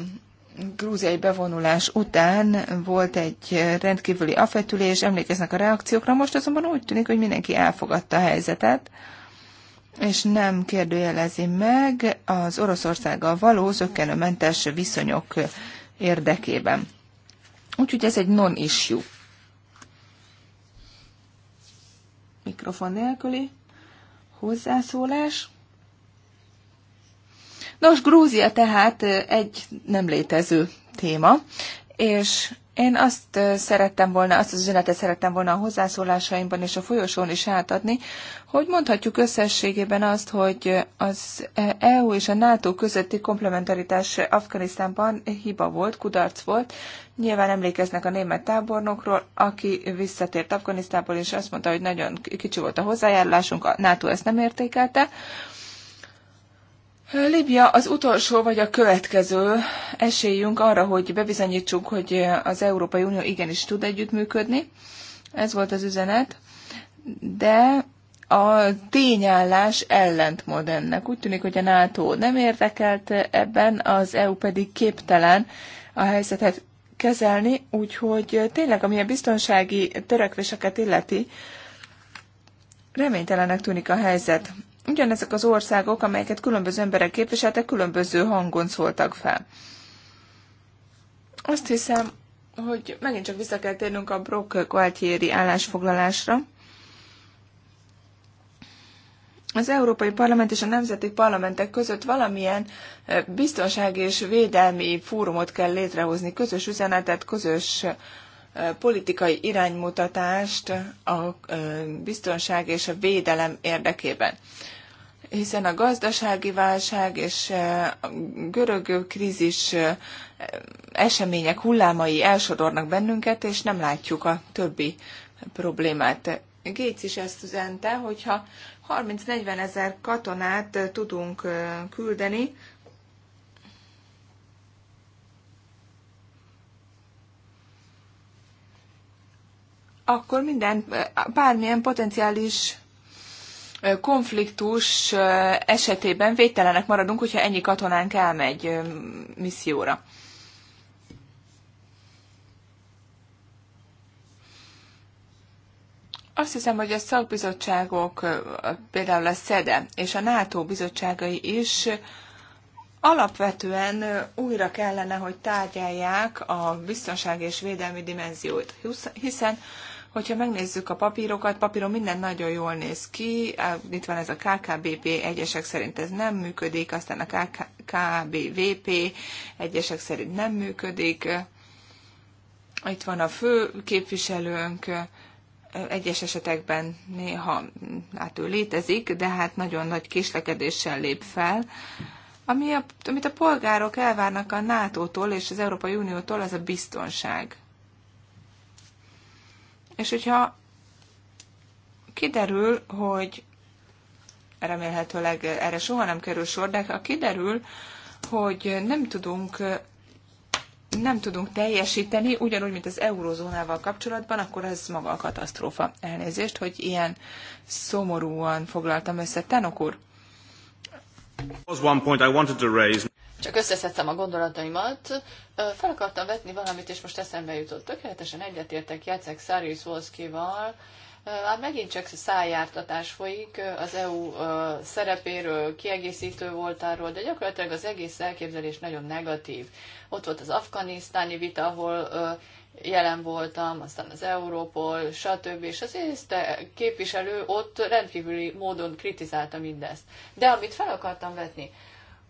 grúziai bevonulás után volt egy rendkívüli afetülés, emlékeznek a reakciókra, most azonban úgy tűnik, hogy mindenki elfogadta a helyzetet, és nem kérdőjelezi meg az Oroszországgal való zöggenőmentes viszonyok érdekében. Úgyhogy ez egy non-issue mikrofon nélküli hozzászólás. Nos, Grúzia tehát egy nem létező téma, és én azt szerettem volna, azt az üzenetet szerettem volna a hozzászólásaimban és a folyosón is átadni, hogy mondhatjuk összességében azt, hogy az EU és a NATO közötti komplementaritás Afganisztánban hiba volt, kudarc volt. Nyilván emlékeznek a német tábornokról, aki visszatért Afganisztánból, és azt mondta, hogy nagyon kicsi volt a hozzájárulásunk, a NATO ezt nem értékelte. Libya az utolsó vagy a következő esélyünk arra, hogy bebizonyítsuk, hogy az Európai Unió igenis tud együttműködni. Ez volt az üzenet. De a tényállás ellentmond ennek. Úgy tűnik, hogy a NATO nem érdekelt ebben, az EU pedig képtelen a helyzetet kezelni, úgyhogy tényleg, ami a biztonsági törekvéseket illeti, reménytelenek tűnik a helyzet ugyanezek az országok, amelyeket különböző emberek képviseltek, különböző hangon szóltak fel. Azt hiszem, hogy megint csak vissza kell térnünk a Brock Gualtieri állásfoglalásra. Az Európai Parlament és a Nemzeti Parlamentek között valamilyen eh, biztonsági és védelmi fórumot kell létrehozni, közös üzenetet, közös eh, politikai iránymutatást a eh, biztonság és a védelem érdekében hiszen a gazdasági válság és eh, a görög krízis eh, események hullámai elsodornak bennünket, és nem látjuk a többi problémát. Gates is ezt üzente, hogyha 30-40 ezer katonát eh, tudunk küldeni, akkor minden, bármilyen potenciális konfliktus eh, esetében védtelenek maradunk, hogyha ennyi katonánk elmegy eh, misszióra. Azt hiszem, hogy a szakbizottságok, eh, például a SZEDE és a NATO bizottságai is alapvetően újra kellene, hogy tárgyalják a biztonság és védelmi dimenziót, hiszen Hogyha megnézzük a papírokat, papíron minden nagyon jól néz ki, itt van ez a KKBP, egyesek szerint ez nem működik, aztán a KKBVP, egyesek szerint nem működik, itt van a fő képviselőnk, egyes esetekben néha hát ő létezik, de hát nagyon nagy késlekedéssel lép fel. Ami a, amit a polgárok elvárnak a NATO-tól és az Európai Uniótól, az a biztonság. És hogyha kiderül, hogy remélhetőleg erre soha nem kerül sor, de ha kiderül, hogy nem tudunk nem tudunk teljesíteni, ugyanúgy, mint az eurózónával kapcsolatban, akkor ez maga a katasztrófa. Elnézést, hogy ilyen szomorúan foglaltam össze. Tenok úr! csak összeszedtem a gondolataimat, fel akartam vetni valamit, és most eszembe jutott. Tökéletesen egyetértek Jacek Szárius Volszkival, már hát megint csak szájártatás folyik az EU szerepéről, kiegészítő voltáról, de gyakorlatilag az egész elképzelés nagyon negatív. Ott volt az afganisztáni vita, ahol jelen voltam, aztán az Európol, stb. És az észte képviselő ott rendkívüli módon kritizálta mindezt. De amit fel akartam vetni,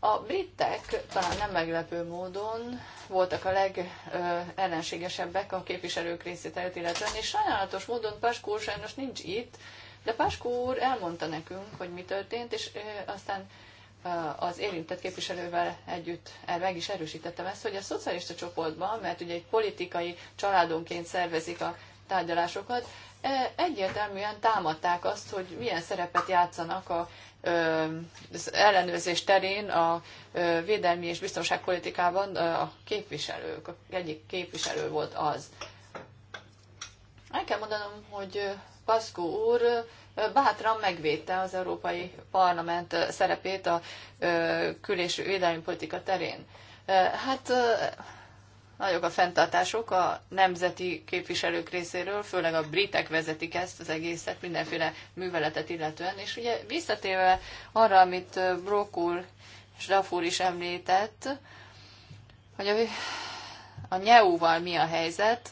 a britek talán nem meglepő módon voltak a legellenségesebbek a képviselők részételt illetően, és sajnálatos módon Paskó sajnos nincs itt, de Páskó úr elmondta nekünk, hogy mi történt, és aztán az érintett képviselővel együtt meg is erősítettem ezt, hogy a szocialista csoportban, mert ugye egy politikai családonként szervezik a tárgyalásokat, egyértelműen támadták azt, hogy milyen szerepet játszanak a az ellenőrzés terén a védelmi és biztonságpolitikában a képviselők, egyik képviselő volt az. El kell mondanom, hogy Paszkó úr bátran megvédte az Európai Parlament szerepét a kül- és védelmi politika terén. Hát Nagyok a fenntartások a nemzeti képviselők részéről, főleg a britek vezetik ezt az egészet, mindenféle műveletet illetően. És ugye visszatérve arra, amit Brokul és Rafur is említett, hogy a, a neu mi a helyzet,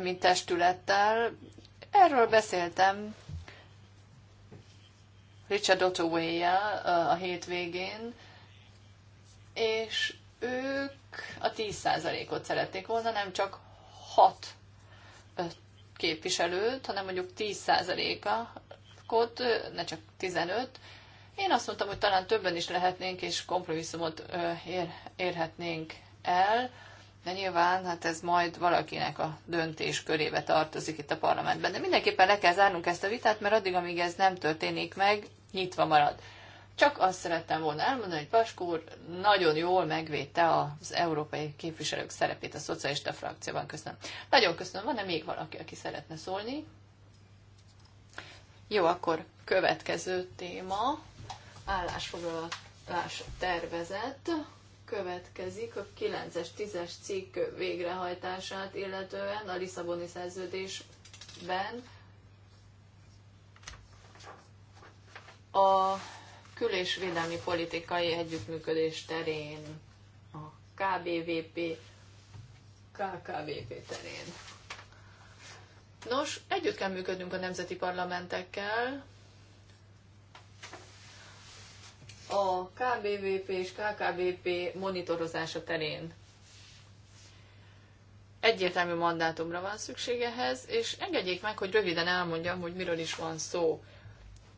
mint testülettel, erről beszéltem Richard Ottaway-jel a hétvégén, és ők a 10%-ot szeretnék volna, nem csak 6 képviselőt, hanem mondjuk 10%-ot, ne csak 15. Én azt mondtam, hogy talán többen is lehetnénk, és kompromisszumot ér, érhetnénk el, de nyilván hát ez majd valakinek a döntés körébe tartozik itt a parlamentben. De mindenképpen le kell zárnunk ezt a vitát, mert addig, amíg ez nem történik meg, nyitva marad. Csak azt szerettem volna elmondani, hogy Paskó úr nagyon jól megvédte az európai képviselők szerepét a szocialista frakcióban. Köszönöm. Nagyon köszönöm. Van-e még valaki, aki szeretne szólni? Jó, akkor következő téma. Állásfoglalás tervezet következik a 9-es, 10-es cikk végrehajtását, illetően a Lisszaboni szerződésben a kül- és védelmi politikai együttműködés terén, a KBVP, KKVP terén. Nos, együtt kell működnünk a nemzeti parlamentekkel. A KBVP és KKVP monitorozása terén egyértelmű mandátumra van szükségehez, és engedjék meg, hogy röviden elmondjam, hogy miről is van szó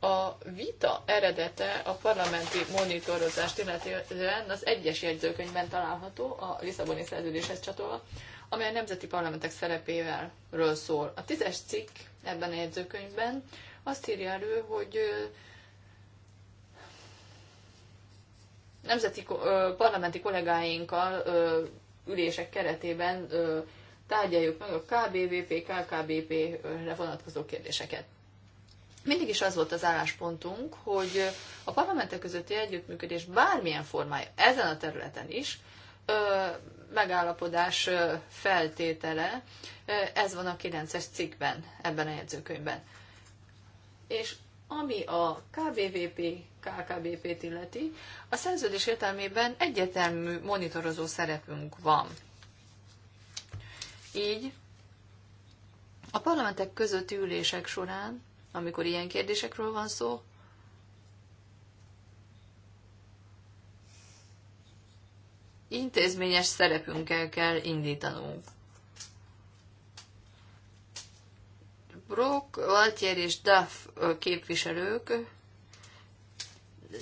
a vita eredete a parlamenti monitorozást illetően az egyes jegyzőkönyvben található, a Lisszaboni szerződéshez csatolva, amely a nemzeti parlamentek szerepével ről szól. A tízes cikk ebben a jegyzőkönyvben azt írja elő, hogy nemzeti parlamenti kollégáinkkal ülések keretében tárgyaljuk meg a KBVP, KKBP-re vonatkozó kérdéseket mindig is az volt az álláspontunk, hogy a parlamentek közötti együttműködés bármilyen formája ezen a területen is megállapodás feltétele, ez van a 9-es cikkben, ebben a jegyzőkönyvben. És ami a KBVP, KKBP-t illeti, a szerződés értelmében egyetemű monitorozó szerepünk van. Így a parlamentek közötti ülések során amikor ilyen kérdésekről van szó. Intézményes szerepünkkel kell indítanunk. Brock, Valtier és Duff képviselők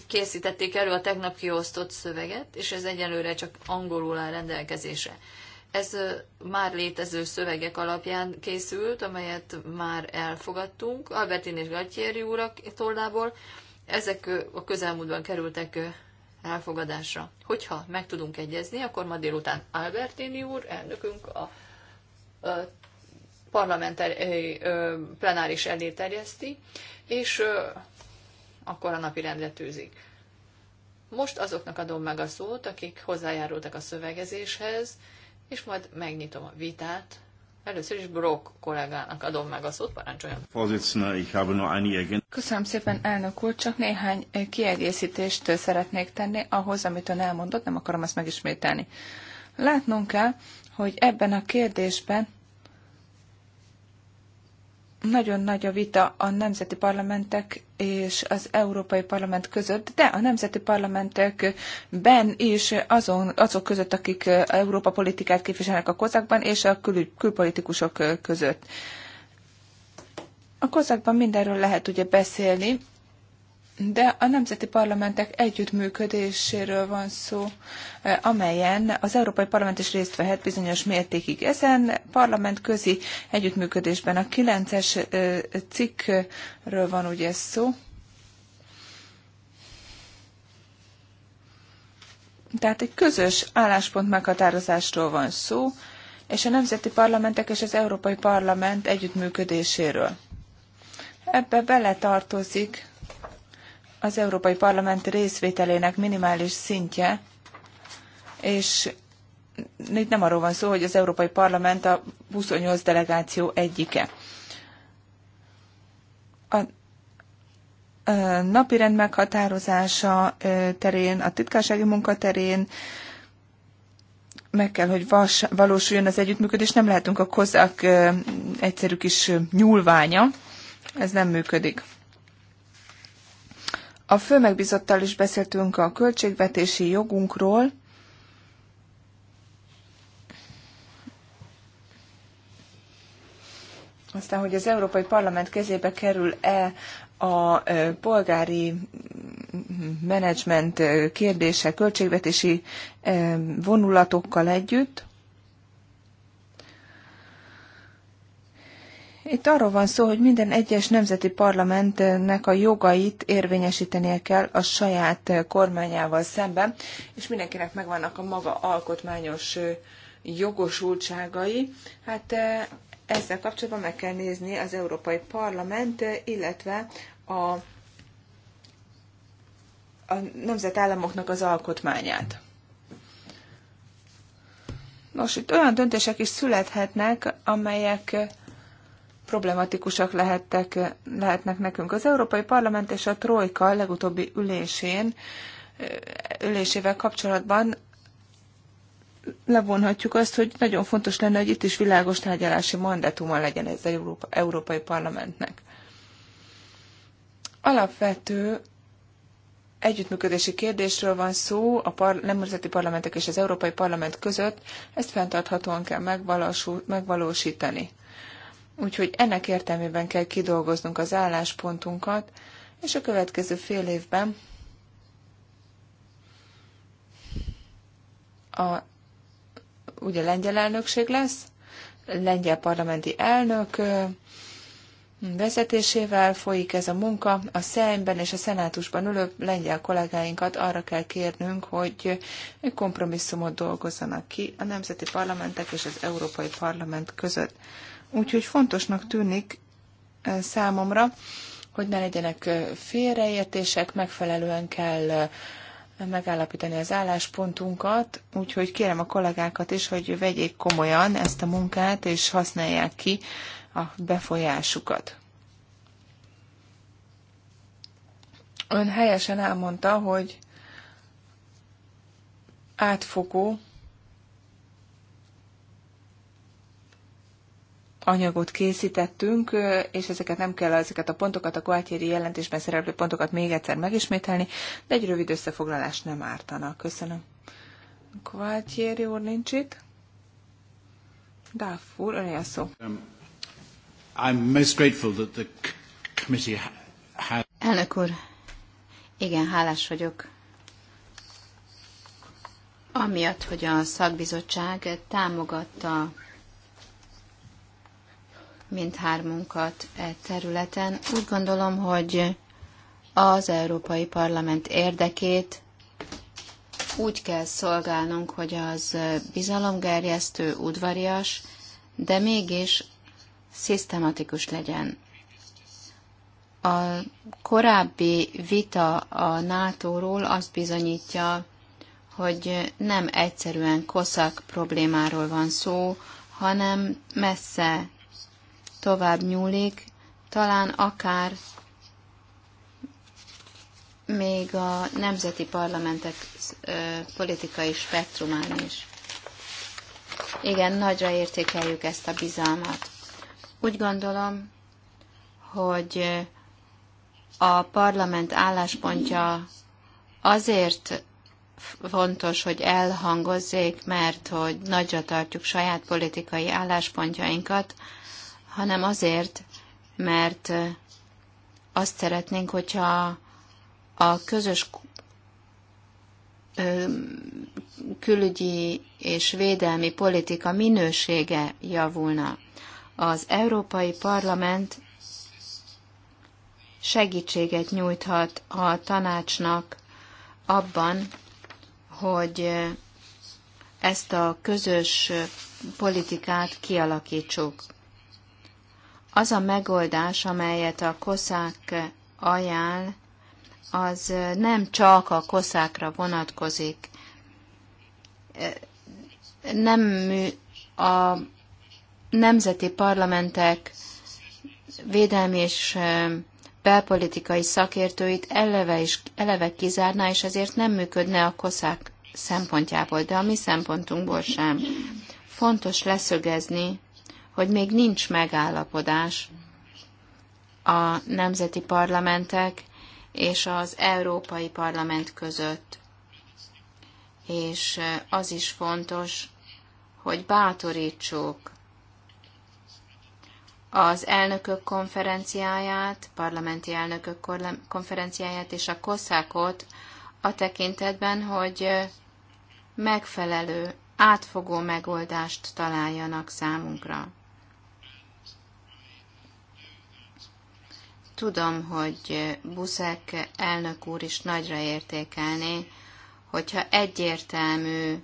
készítették elő a tegnap kiosztott szöveget, és ez egyelőre csak angolul áll rendelkezésre. Ez már létező szövegek alapján készült, amelyet már elfogadtunk Albertin és Gattieri úrak tollából. Ezek a közelmúltban kerültek elfogadásra. Hogyha meg tudunk egyezni, akkor ma délután Albertini úr, elnökünk a, a parlament plenáris elé terjeszti, és akkor a napi rendre tűzik. Most azoknak adom meg a szót, akik hozzájárultak a szövegezéshez, és majd megnyitom a vitát. Először is Brock kollégának adom meg a szót, parancsoljon. Köszönöm szépen, elnök úr, csak néhány eh, kiegészítést eh, szeretnék tenni ahhoz, amit ön elmondott, nem akarom ezt megismételni. Látnunk kell, hogy ebben a kérdésben nagyon nagy a vita a nemzeti parlamentek és az Európai Parlament között, de a nemzeti parlamentekben is azon, azok között, akik Európa politikát képviselnek a kozákban, és a kül, külpolitikusok között. A kozákban mindenről lehet ugye beszélni, de a nemzeti parlamentek együttműködéséről van szó, eh, amelyen az Európai Parlament is részt vehet bizonyos mértékig. Ezen parlamentközi együttműködésben a 9-es eh, cikkről van ugye szó. Tehát egy közös álláspont meghatározásról van szó, és a nemzeti parlamentek és az Európai Parlament együttműködéséről. Ebbe beletartozik az Európai Parlament részvételének minimális szintje, és itt nem arról van szó, hogy az Európai Parlament a 28 delegáció egyike. A napirend meghatározása terén, a titkársági munkaterén meg kell, hogy vas, valósuljon az együttműködés. Nem lehetünk a kozák egyszerű kis nyúlványa. Ez nem működik. A főmegbizottal is beszéltünk a költségvetési jogunkról, aztán, hogy az Európai Parlament kezébe kerül-e a polgári mm, menedzsment kérdése költségvetési vonulatokkal együtt. Itt arról van szó, hogy minden egyes nemzeti parlamentnek a jogait érvényesítenie kell a saját eh, kormányával szemben, és mindenkinek megvannak a maga alkotmányos eh, jogosultságai. Hát eh, ezzel kapcsolatban meg kell nézni az Európai Parlament, illetve a, a nemzetállamoknak az alkotmányát. Nos, itt olyan döntések is születhetnek, amelyek problematikusak lehettek, lehetnek nekünk. Az Európai Parlament és a Trojka legutóbbi ülésén, ülésével kapcsolatban levonhatjuk azt, hogy nagyon fontos lenne, hogy itt is világos tárgyalási mandátuma legyen ez az Európa, Európai Parlamentnek. Alapvető együttműködési kérdésről van szó a par- nemzeti parlamentek és az Európai Parlament között, ezt fenntarthatóan kell megvalósítani. Úgyhogy ennek értelmében kell kidolgoznunk az álláspontunkat, és a következő fél évben a, ugye lengyel elnökség lesz, lengyel parlamenti elnök vezetésével folyik ez a munka. A szemben és a Szenátusban ülő lengyel kollégáinkat arra kell kérnünk, hogy egy kompromisszumot dolgozzanak ki a nemzeti parlamentek és az Európai Parlament között. Úgyhogy fontosnak tűnik számomra, hogy ne legyenek félreértések, megfelelően kell megállapítani az álláspontunkat, úgyhogy kérem a kollégákat is, hogy vegyék komolyan ezt a munkát, és használják ki a befolyásukat. Ön helyesen elmondta, hogy átfogó anyagot készítettünk, és ezeket nem kell ezeket a pontokat, a Gualtieri jelentésben szereplő pontokat még egyszer megismételni, de egy rövid összefoglalás nem ártana. Köszönöm. Gualtieri úr nincs itt. Dáfúr, a szó. Um, I'm most grateful that the committee Elnök úr, igen, hálás vagyok. Amiatt, hogy a szakbizottság támogatta mindhármunkat e területen. Úgy gondolom, hogy az Európai Parlament érdekét úgy kell szolgálnunk, hogy az bizalomgerjesztő, udvarias, de mégis szisztematikus legyen. A korábbi vita a NATO-ról azt bizonyítja, hogy nem egyszerűen koszak problémáról van szó, hanem messze tovább nyúlik, talán akár még a nemzeti parlamentek politikai spektrumán is. Igen, nagyra értékeljük ezt a bizalmat. Úgy gondolom, hogy a parlament álláspontja azért fontos, hogy elhangozzék, mert hogy nagyra tartjuk saját politikai álláspontjainkat, hanem azért, mert azt szeretnénk, hogyha a közös külügyi és védelmi politika minősége javulna. Az Európai Parlament segítséget nyújthat a tanácsnak abban, hogy ezt a közös politikát kialakítsuk. Az a megoldás, amelyet a koszák ajánl, az nem csak a koszákra vonatkozik. Nem a nemzeti parlamentek védelmi és belpolitikai szakértőit eleve, is, eleve kizárná, és ezért nem működne a koszák szempontjából, de a mi szempontunkból sem. Fontos leszögezni, hogy még nincs megállapodás a nemzeti parlamentek és az Európai Parlament között. És az is fontos, hogy bátorítsuk az elnökök konferenciáját, parlamenti elnökök konferenciáját és a koszákot a tekintetben, hogy megfelelő, átfogó megoldást találjanak számunkra. Tudom, hogy Buszek elnök úr is nagyra értékelné, hogyha egyértelmű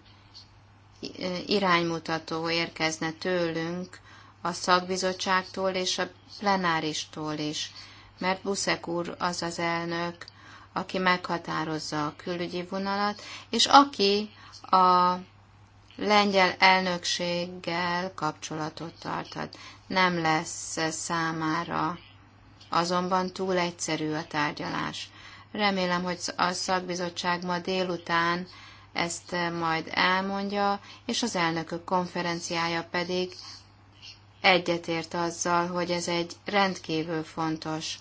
iránymutató érkezne tőlünk, a szakbizottságtól és a plenáristól is, mert Buszek úr az az elnök, aki meghatározza a külügyi vonalat, és aki a lengyel elnökséggel kapcsolatot tartat. Nem lesz számára Azonban túl egyszerű a tárgyalás. Remélem, hogy a szakbizottság ma délután ezt majd elmondja, és az elnökök konferenciája pedig egyetért azzal, hogy ez egy rendkívül fontos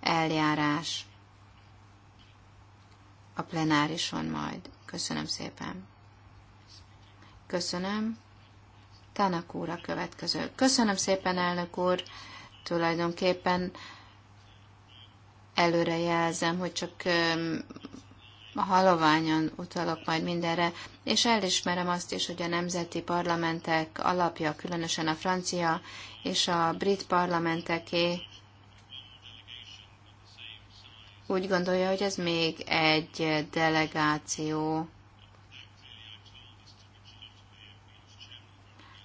eljárás a plenárison majd. Köszönöm szépen. Köszönöm. Tanak úr a következő. Köszönöm szépen, elnök úr tulajdonképpen előre jelzem, hogy csak haloványan utalok majd mindenre, és elismerem azt is, hogy a nemzeti parlamentek alapja, különösen a francia és a brit parlamenteké úgy gondolja, hogy ez még egy delegáció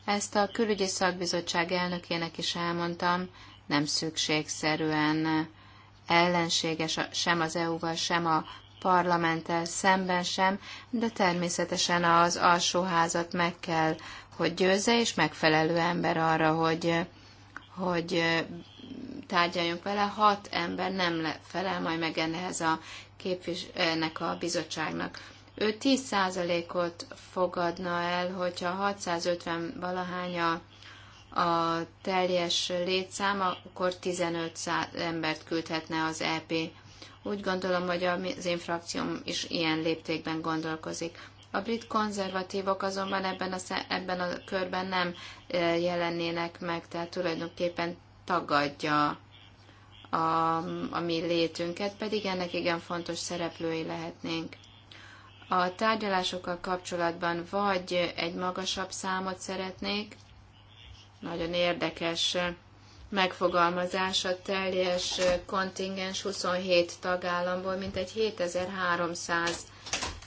Ezt a külügyi szakbizottság elnökének is elmondtam, nem szükségszerűen ellenséges sem az EU-val, sem a parlamenttel szemben sem, de természetesen az alsóházat meg kell, hogy győzze, és megfelelő ember arra, hogy, hogy tárgyaljunk vele. Hat ember nem felel majd meg ennek a képvis, ennek a bizottságnak ő 10%-ot fogadna el, hogyha 650 valahány a, a teljes létszám, akkor 15 embert küldhetne az EP. Úgy gondolom, hogy az én frakcióm is ilyen léptékben gondolkozik. A brit konzervatívok azonban ebben a, ebben a körben nem e, jelennének meg, tehát tulajdonképpen tagadja a, a mi létünket, pedig ennek igen fontos szereplői lehetnénk a tárgyalásokkal kapcsolatban vagy egy magasabb számot szeretnék, nagyon érdekes megfogalmazás a teljes kontingens 27 tagállamból, mint egy 7300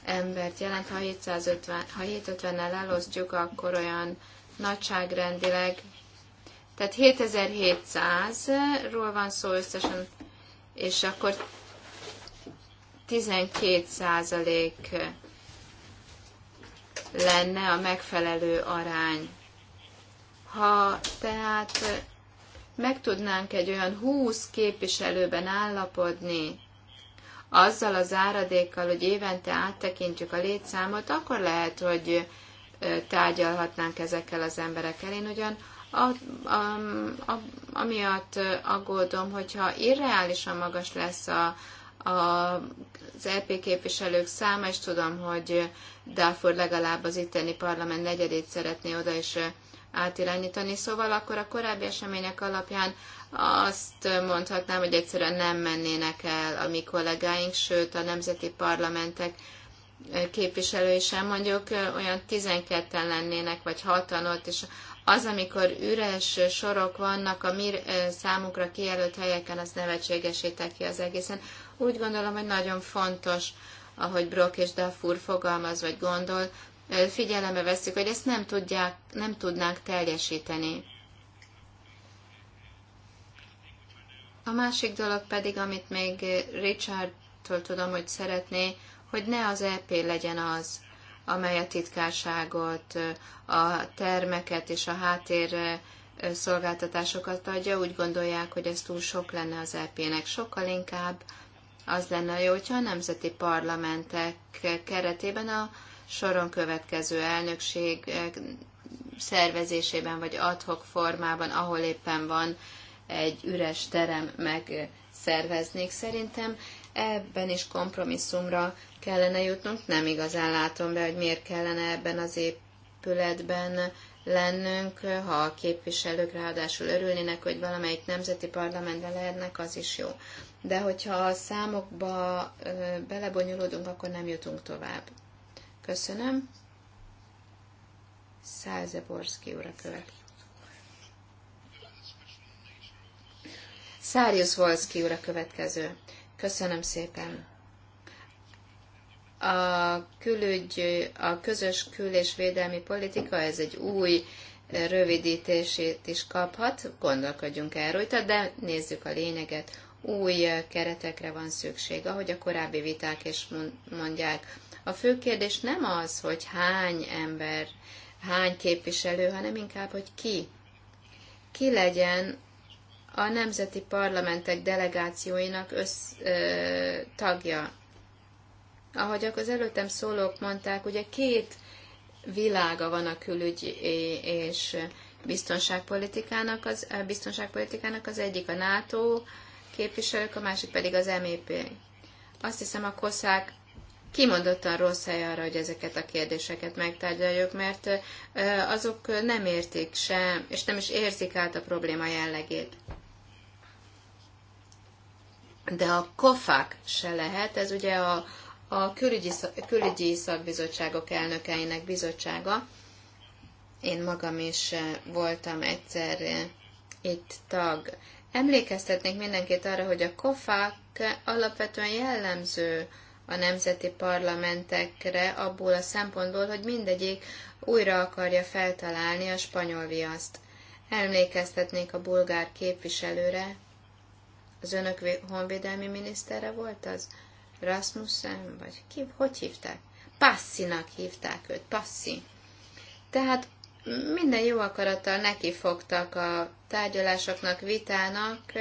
embert jelent. Ha, 750, ha 750-nel elosztjuk, akkor olyan nagyságrendileg, tehát 7700-ról van szó összesen, és akkor 12 százalék lenne a megfelelő arány. Ha tehát meg tudnánk egy olyan 20 képviselőben állapodni, azzal az áradékkal, hogy évente áttekintjük a létszámot, akkor lehet, hogy tárgyalhatnánk ezekkel az emberekkel. Én ugyan a, a, a, amiatt aggódom, hogyha irreálisan magas lesz a, az LP e képviselők száma, és tudom, hogy Dáfur legalább az itteni parlament negyedét szeretné oda is átirányítani. Szóval akkor a korábbi események alapján azt mondhatnám, hogy egyszerűen nem mennének el a mi kollégáink, sőt a nemzeti parlamentek képviselői sem mondjuk olyan 12-en lennének, vagy 6-an ott, és az, amikor üres sorok vannak a mi számunkra kijelölt helyeken, az nevetségesítek ki az egészen. Úgy gondolom, hogy nagyon fontos, ahogy Brock és Dafur fogalmaz vagy gondol, figyelembe veszük, hogy ezt nem, tudják, nem tudnánk teljesíteni. A másik dolog pedig, amit még Richardtól tudom, hogy szeretné, hogy ne az EP legyen az, amely a titkárságot, a termeket és a háttér szolgáltatásokat adja, úgy gondolják, hogy ez túl sok lenne az EP-nek. Sokkal inkább az lenne jó, hogyha a nemzeti parlamentek keretében a soron következő elnökség eh, szervezésében vagy adhok formában, ahol éppen van egy üres terem meg szerveznék Szerintem ebben is kompromisszumra kellene jutnunk. Nem igazán látom be, hogy miért kellene ebben az épületben lennünk, ha a képviselők ráadásul örülnének, hogy valamelyik nemzeti parlamentben lehetnek, az is jó de hogyha a számokba belebonyolódunk, akkor nem jutunk tovább. Köszönöm. Szárzeborszki úr a következő. Szárius Volszki úr a következő. Köszönöm szépen. A külügy, a közös kül- és védelmi politika, ez egy új rövidítését is kaphat, gondolkodjunk el rajta, de nézzük a lényeget új keretekre van szükség, ahogy a korábbi viták is mondják. A fő kérdés nem az, hogy hány ember, hány képviselő, hanem inkább, hogy ki. Ki legyen a nemzeti parlamentek delegációinak össz, ö, tagja. Ahogy az előttem szólók mondták, ugye két világa van a külügy és biztonságpolitikának. Az, biztonságpolitikának az egyik a NATO, képviselők, a másik pedig az MEP. Azt hiszem, a koszák kimondottan rossz hely arra, hogy ezeket a kérdéseket megtárgyaljuk, mert azok nem értik sem, és nem is érzik át a probléma jellegét. De a kofák se lehet, ez ugye a, a külügyi, külügyi szakbizottságok elnökeinek bizottsága. Én magam is voltam egyszer itt tag. Emlékeztetnék mindenkit arra, hogy a kofák alapvetően jellemző a nemzeti parlamentekre abból a szempontból, hogy mindegyik újra akarja feltalálni a spanyol viaszt. Emlékeztetnék a bulgár képviselőre. Az önök honvédelmi minisztere volt az? Rasmussen? Vagy ki? Hogy hívták? Passinak hívták őt, Passi. Tehát minden jó akarattal neki fogtak a tárgyalásoknak, vitának,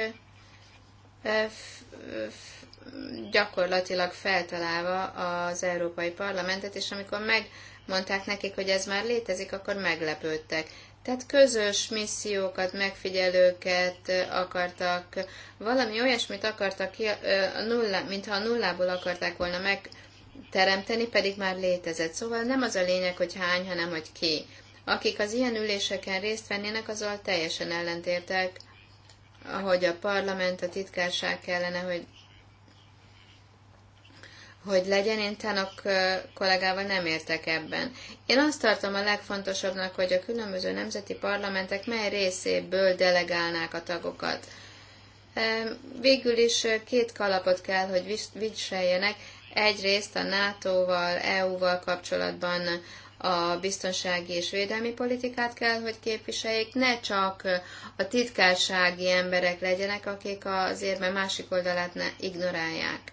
gyakorlatilag feltalálva az Európai Parlamentet, és amikor megmondták nekik, hogy ez már létezik, akkor meglepődtek. Tehát közös missziókat, megfigyelőket akartak, valami olyasmit akartak, mintha a nullából akarták volna megteremteni, pedig már létezett. Szóval nem az a lényeg, hogy hány, hanem hogy ki akik az ilyen üléseken részt vennének, azzal teljesen ellentértek, ahogy a parlament, a titkárság kellene, hogy hogy legyen, én Tanok kollégával nem értek ebben. Én azt tartom a legfontosabbnak, hogy a különböző nemzeti parlamentek mely részéből delegálnák a tagokat. Végül is két kalapot kell, hogy viseljenek, egyrészt a NATO-val, EU-val kapcsolatban a biztonsági és védelmi politikát kell, hogy képviseljék, ne csak a titkársági emberek legyenek, akik az érme másik oldalát ne ignorálják.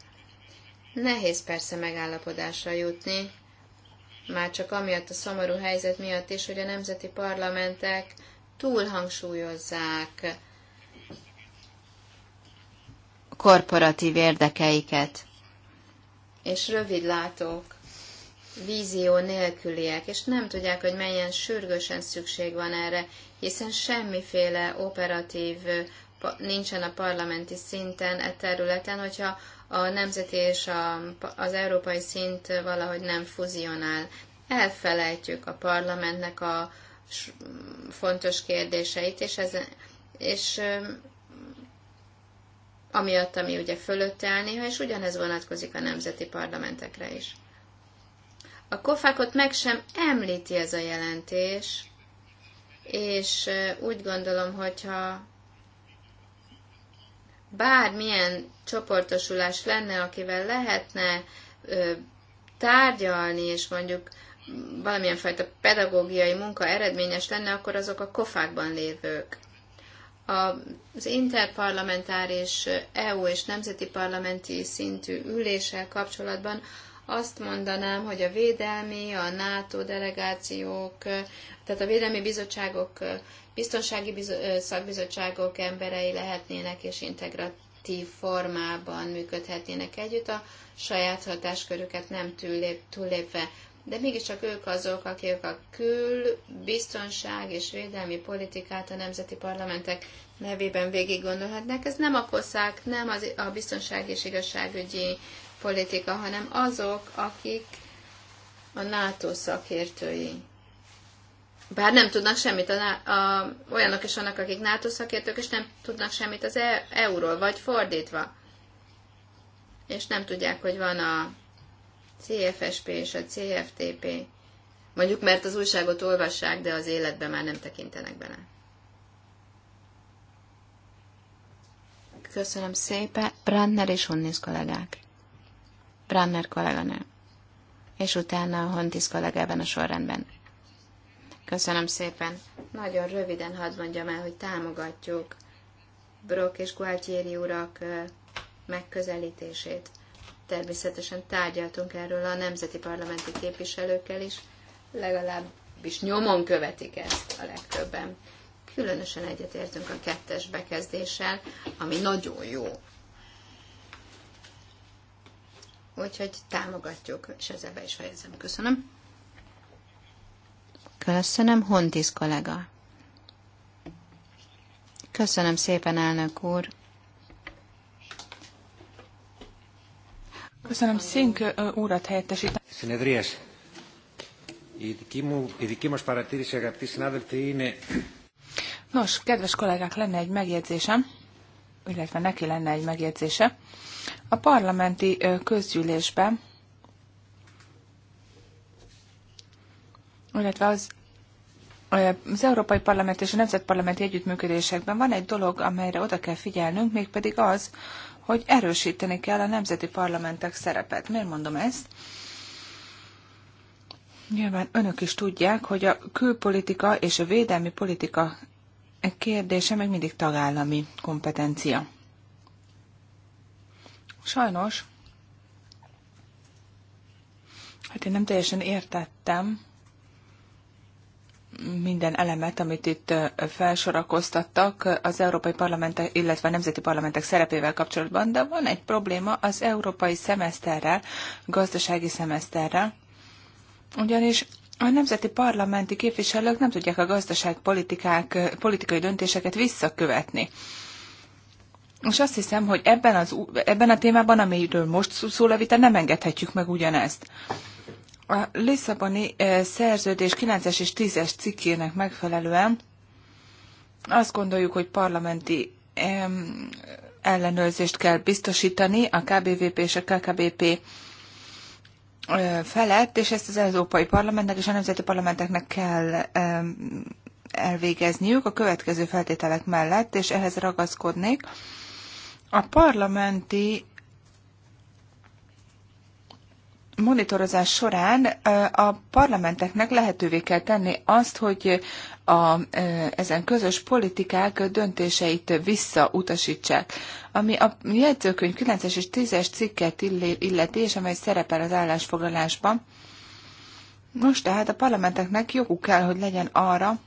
Nehéz persze megállapodásra jutni, már csak amiatt a szomorú helyzet miatt is, hogy a nemzeti parlamentek túlhangsúlyozzák korporatív érdekeiket. És rövidlátók vízió nélküliek, és nem tudják, hogy mennyien sürgősen szükség van erre, hiszen semmiféle operatív nincsen a parlamenti szinten e területen, hogyha a nemzeti és a, az európai szint valahogy nem fuzionál. Elfelejtjük a parlamentnek a fontos kérdéseit, és, ez, és amiatt, ami ugye fölött állni, és ugyanez vonatkozik a nemzeti parlamentekre is. A kofákot meg sem említi ez a jelentés, és úgy gondolom, hogyha bármilyen csoportosulás lenne, akivel lehetne tárgyalni, és mondjuk valamilyen fajta pedagógiai munka eredményes lenne, akkor azok a kofákban lévők. Az interparlamentáris EU és nemzeti parlamenti szintű üléssel kapcsolatban azt mondanám, hogy a védelmi, a NATO delegációk, tehát a védelmi bizottságok, biztonsági szakbizottságok emberei lehetnének és integratív formában működhetnének együtt, a saját hatáskörüket nem túllép, túllépve. De mégiscsak ők azok, akik a kül, biztonság és védelmi politikát a nemzeti parlamentek nevében végig gondolhatnak. Ez nem a koszák, nem az, a biztonság és igazságügyi politika, hanem azok, akik a NATO szakértői. Bár nem tudnak semmit, a, a, olyanok is vannak, akik NATO szakértők, és nem tudnak semmit az e- euról, vagy fordítva. És nem tudják, hogy van a CFSP és a CFTP. Mondjuk, mert az újságot olvassák, de az életben már nem tekintenek bele. Köszönöm szépen, Brandner és Hunnis kollégák. Branner kolléganő, és utána a Hontis kollégában a sorrendben. Köszönöm szépen. Nagyon röviden hadd mondjam el, hogy támogatjuk Brock és Gualtieri urak megközelítését. Természetesen tárgyaltunk erről a nemzeti parlamenti képviselőkkel is, legalábbis nyomon követik ezt a legtöbben. Különösen egyetértünk a kettes bekezdéssel, ami nagyon jó. úgyhogy támogatjuk, és ezzel be is fejezem. Köszönöm. Köszönöm, Hontis kollega. Köszönöm szépen, elnök úr. Köszönöm, Szink úrat helyettesítem. Συνεδρίας. Η δική, μου, η Nos, kedves kollégák, lenne egy megjegyzésem, illetve neki lenne egy megjegyzése a parlamenti közgyűlésben, illetve az az Európai Parlament és a Nemzetparlamenti Együttműködésekben van egy dolog, amelyre oda kell figyelnünk, mégpedig az, hogy erősíteni kell a nemzeti parlamentek szerepet. Miért mondom ezt? Nyilván önök is tudják, hogy a külpolitika és a védelmi politika kérdése még mindig tagállami kompetencia. Sajnos, hát én nem teljesen értettem minden elemet, amit itt felsorakoztattak az Európai Parlament, illetve a Nemzeti Parlamentek szerepével kapcsolatban, de van egy probléma az európai szemeszterrel, gazdasági szemeszterrel, ugyanis a nemzeti parlamenti képviselők nem tudják a gazdaságpolitikák, politikai döntéseket visszakövetni. És azt hiszem, hogy ebben, az, ebben a témában, amiről most szól a vita, nem engedhetjük meg ugyanezt. A Lisszaboni eh, szerződés 9-es és 10-es cikkének megfelelően azt gondoljuk, hogy parlamenti ellenőrzést kell biztosítani a KBVP és a KKBP eh, felett, és ezt az Európai Parlamentnek és a Nemzeti Parlamenteknek kell elvégezniük a következő feltételek mellett, és ehhez ragaszkodnék. A parlamenti monitorozás során a parlamenteknek lehetővé kell tenni azt, hogy a, ezen közös politikák döntéseit visszautasítsák. Ami a jegyzőkönyv 9-es és 10-es cikket illeti, és amely szerepel az állásfoglalásban, most tehát a parlamenteknek joguk kell, hogy legyen arra,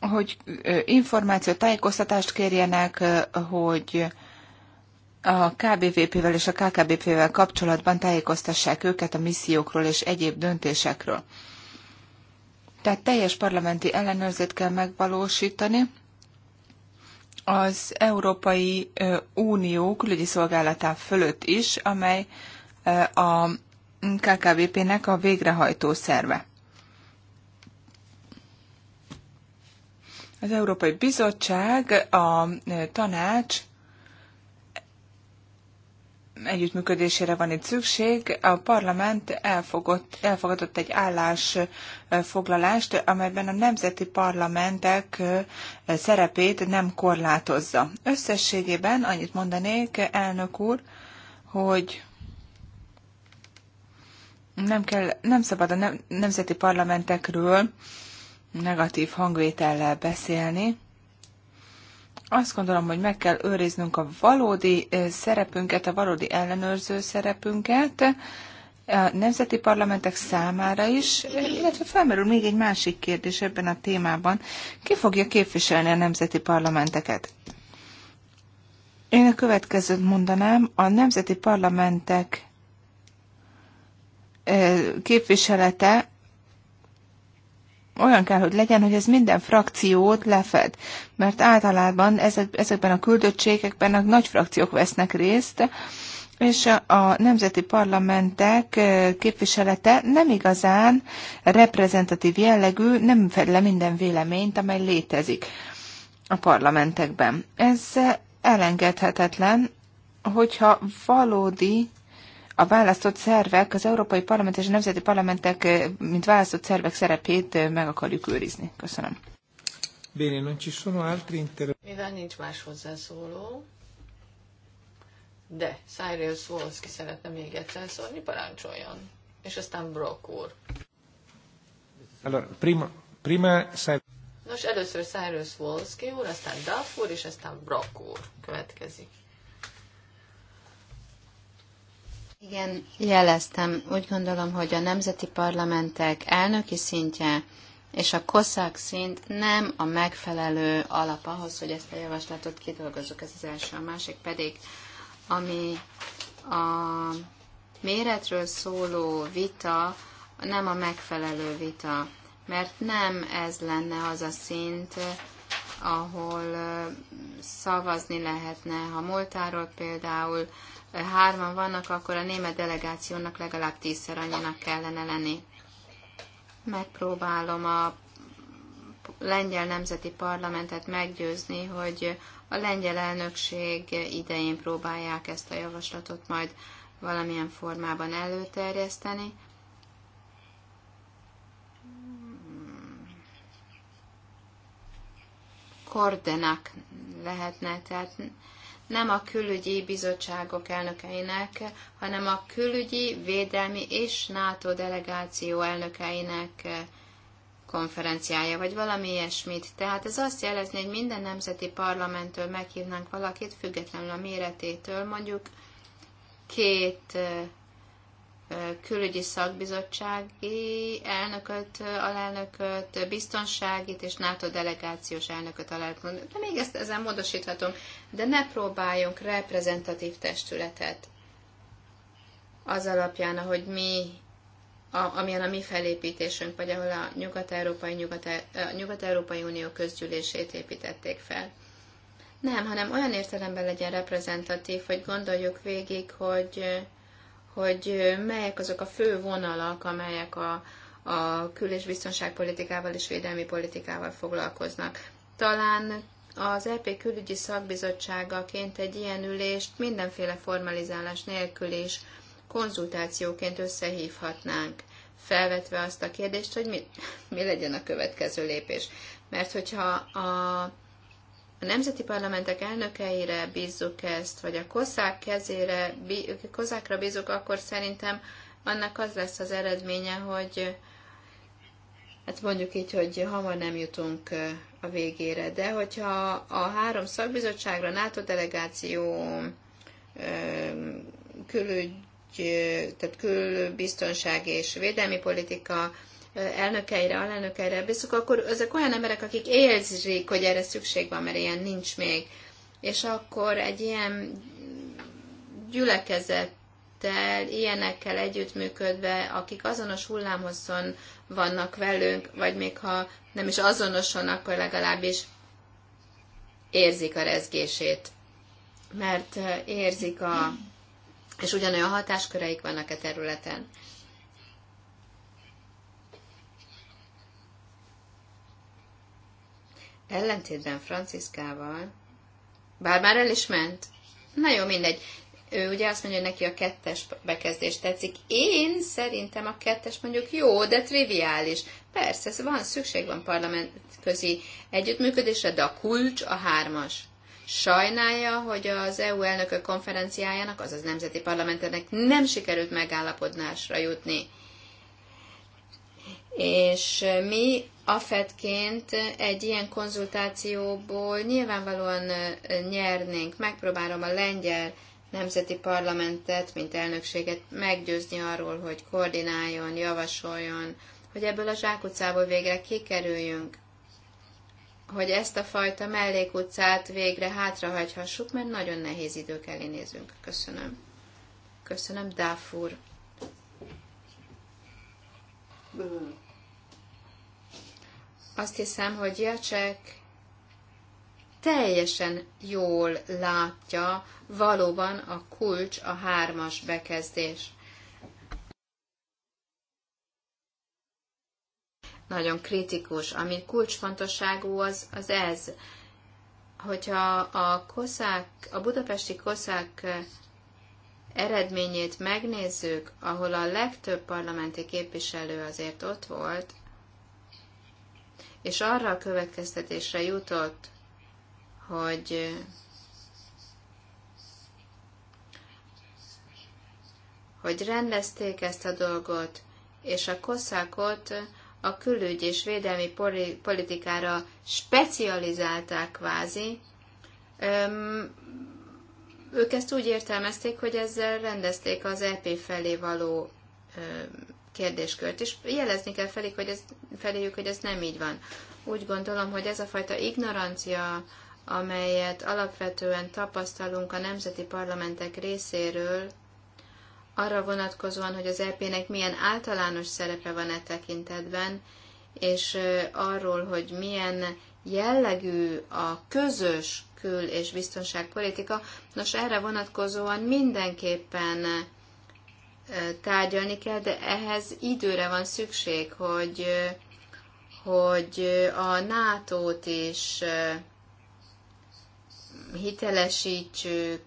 hogy információ, tájékoztatást kérjenek, hogy a KBVP-vel és a KKBP-vel kapcsolatban tájékoztassák őket a missziókról és egyéb döntésekről. Tehát teljes parlamenti ellenőrzést kell megvalósítani. Az Európai Unió külügyi szolgálatá fölött is, amely a KKBP-nek a végrehajtó szerve. Az Európai Bizottság, a tanács együttműködésére van itt szükség. A parlament elfogott, elfogadott egy állásfoglalást, amelyben a nemzeti parlamentek szerepét nem korlátozza. Összességében annyit mondanék, elnök úr, hogy nem, kell, nem szabad a nemzeti parlamentekről negatív hangvétellel beszélni. Azt gondolom, hogy meg kell őriznünk a valódi eh, szerepünket, a valódi ellenőrző szerepünket eh, a nemzeti parlamentek számára is, eh, illetve felmerül még egy másik kérdés ebben a témában. Ki fogja képviselni a nemzeti parlamenteket? Én a következőt mondanám, a nemzeti parlamentek képviselete olyan kell, hogy legyen, hogy ez minden frakciót lefed, mert általában ezek, ezekben a küldöttségekben a nagy frakciók vesznek részt, és a nemzeti parlamentek képviselete nem igazán reprezentatív jellegű, nem fed le minden véleményt, amely létezik a parlamentekben. Ez elengedhetetlen, hogyha valódi a választott szervek, az Európai Parlament és a Nemzeti Parlamentek, mint választott szervek szerepét meg akarjuk őrizni. Köszönöm. Bene, non ci sono altri inter... Mivel nincs más hozzászóló, de Cyrus Wolski szeretne még egyszer szólni, parancsoljon. És aztán Brock úr. Allora, prima, prima Nos, először Cyrus Wolski úr, aztán Duff úr, és aztán Brock úr következik. Igen, jeleztem. Úgy gondolom, hogy a nemzeti parlamentek elnöki szintje és a koszák szint nem a megfelelő alap ahhoz, hogy ezt a javaslatot kidolgozzuk. Ez az első. A másik pedig, ami a méretről szóló vita nem a megfelelő vita, mert nem ez lenne az a szint, ahol szavazni lehetne. Ha múltáról például hárman vannak, akkor a német delegációnak legalább tízszer annyinak kellene lenni. Megpróbálom a lengyel nemzeti parlamentet meggyőzni, hogy a lengyel elnökség idején próbálják ezt a javaslatot majd valamilyen formában előterjeszteni. Kordenak lehetne, tehát nem a külügyi bizottságok elnökeinek, hanem a külügyi, védelmi és NATO delegáció elnökeinek eh, konferenciája, vagy valami ilyesmit. Tehát ez azt jelezni, hogy minden nemzeti parlamenttől meghívnánk valakit, függetlenül a méretétől, mondjuk két eh, külügyi szakbizottsági elnököt, alelnököt, biztonságit és NATO delegációs elnököt, alelnököt. De még ezt ezen módosíthatom, de ne próbáljunk reprezentatív testületet az alapján, ahogy mi, a, amilyen a mi felépítésünk, vagy ahol a Nyugat-Európai, Nyugat, Nyugat-Európai Unió közgyűlését építették fel. Nem, hanem olyan értelemben legyen reprezentatív, hogy gondoljuk végig, hogy hogy melyek azok a fő vonalak, amelyek a, a kül- és biztonságpolitikával és védelmi politikával foglalkoznak. Talán az EP külügyi szakbizottságaként egy ilyen ülést mindenféle formalizálás nélkül is konzultációként összehívhatnánk, felvetve azt a kérdést, hogy mi, mi legyen a következő lépés. Mert hogyha a a nemzeti parlamentek elnökeire bízzuk ezt, vagy a koszák kezére, bí, kozákra bízzuk, akkor szerintem annak az lesz az eredménye, hogy hát mondjuk így, hogy hamar nem jutunk a végére. De hogyha a három szakbizottságra NATO delegáció külügy, tehát külbiztonság és védelmi politika elnökeire, alelnökeire bízunk, akkor ezek olyan emberek, akik érzik, hogy erre szükség van, mert ilyen nincs még. És akkor egy ilyen gyülekezettel, ilyenekkel együttműködve, akik azonos hullámhozon vannak velünk, vagy még ha nem is azonosan, akkor legalábbis érzik a rezgését. Mert eh, érzik a... és ugyanolyan hatásköreik vannak a e területen. Ellentétben Franciszkával, bár már el is ment. Na jó, mindegy. Ő ugye azt mondja, hogy neki a kettes bekezdés tetszik. Én szerintem a kettes mondjuk jó, de triviális. Persze, ez van szükség van parlamentközi együttműködésre, de a kulcs a hármas sajnálja, hogy az EU elnökök konferenciájának, azaz nemzeti parlamentenek nem sikerült megállapodásra jutni. És mi afed egy ilyen konzultációból nyilvánvalóan nyernénk. Megpróbálom a lengyel nemzeti parlamentet, mint elnökséget meggyőzni arról, hogy koordináljon, javasoljon, hogy ebből a zsákutcából végre kikerüljünk, hogy ezt a fajta mellékutcát végre hátrahagyhassuk, mert nagyon nehéz idők elé nézünk. Köszönöm. Köszönöm, Dáfur. Mm. Azt hiszem, hogy Jacek teljesen jól látja valóban a kulcs a hármas bekezdés. Nagyon kritikus. Ami kulcsfontosságú, az, az ez. Hogyha a, koszák, a budapesti koszák eredményét megnézzük, ahol a legtöbb parlamenti képviselő azért ott volt, és arra a következtetésre jutott, hogy hogy rendezték ezt a dolgot, és a koszákot a külügy és védelmi politikára specializálták kvázi, Öm, ők ezt úgy értelmezték, hogy ezzel rendezték az EP felé való kérdéskört, és jelezni kell felé, hogy ez, feléjük, hogy ez nem így van. Úgy gondolom, hogy ez a fajta ignorancia, amelyet alapvetően tapasztalunk a nemzeti parlamentek részéről, arra vonatkozóan, hogy az EP-nek milyen általános szerepe van e tekintetben, és arról, hogy milyen jellegű a közös kül- és biztonságpolitika. Nos, erre vonatkozóan mindenképpen tárgyalni kell, de ehhez időre van szükség, hogy, hogy a NATO-t is hitelesítsük,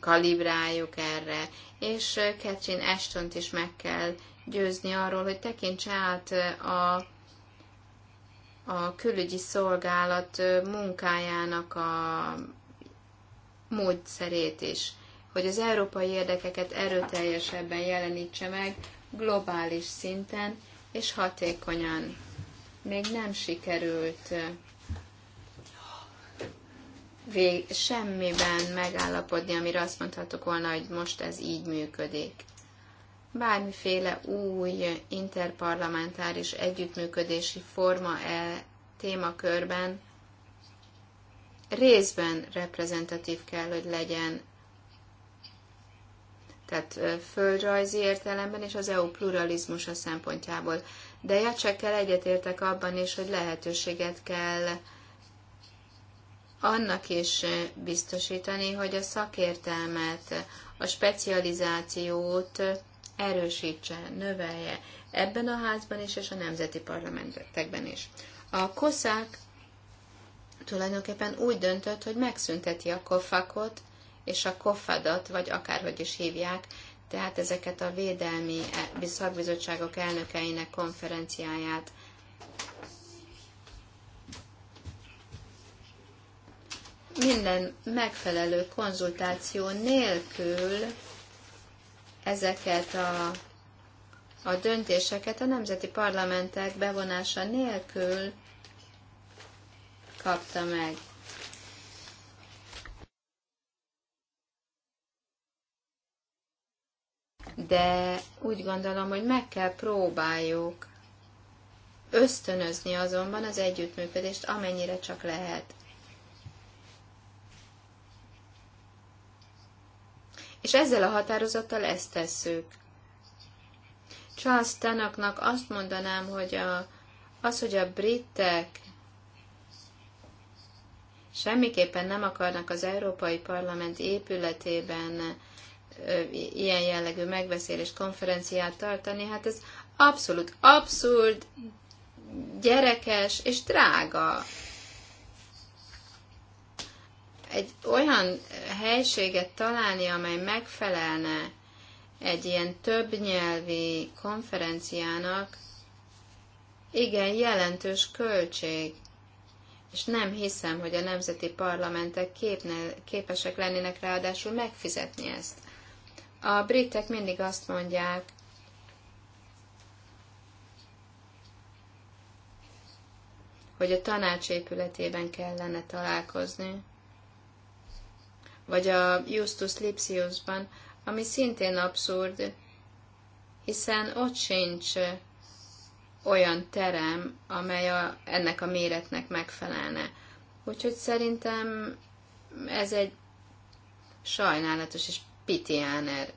kalibráljuk erre, és Catherine Ashtont is meg kell győzni arról, hogy tekintse át a, a külügyi szolgálat munkájának a módszerét is hogy az európai érdekeket erőteljesebben jelenítse meg globális szinten és hatékonyan. Még nem sikerült vég, semmiben megállapodni, amire azt mondhatok volna, hogy most ez így működik. Bármiféle új interparlamentáris együttműködési forma e témakörben részben reprezentatív kell, hogy legyen tehát földrajzi értelemben és az EU pluralizmusa szempontjából. De Jacsekkel egyetértek abban is, hogy lehetőséget kell annak is biztosítani, hogy a szakértelmet, a specializációt erősítse, növelje ebben a házban is, és a nemzeti parlamentekben is. A koszák tulajdonképpen úgy döntött, hogy megszünteti a kofakot, és a kofadat, vagy akárhogy is hívják, tehát ezeket a védelmi e, szakbizottságok elnökeinek konferenciáját. Minden megfelelő konzultáció nélkül ezeket a, a döntéseket a nemzeti parlamentek bevonása nélkül kapta meg. de úgy gondolom, hogy meg kell próbáljuk ösztönözni azonban az együttműködést, amennyire csak lehet. És ezzel a határozattal ezt tesszük. Charles Tanaknak azt mondanám, hogy a, az, hogy a britek semmiképpen nem akarnak az Európai Parlament épületében ilyen jellegű megbeszélés konferenciát tartani, hát ez abszolút abszurd, gyerekes és drága. Egy olyan helységet találni, amely megfelelne egy ilyen többnyelvi konferenciának, igen, jelentős költség és nem hiszem, hogy a nemzeti parlamentek képne, képesek lennének ráadásul megfizetni ezt. A britek mindig azt mondják, hogy a tanács épületében kellene találkozni, vagy a Justus Lipsiusban, ami szintén abszurd, hiszen ott sincs olyan terem, amely a, ennek a méretnek megfelelne. Úgyhogy szerintem ez egy sajnálatos és Pitiáner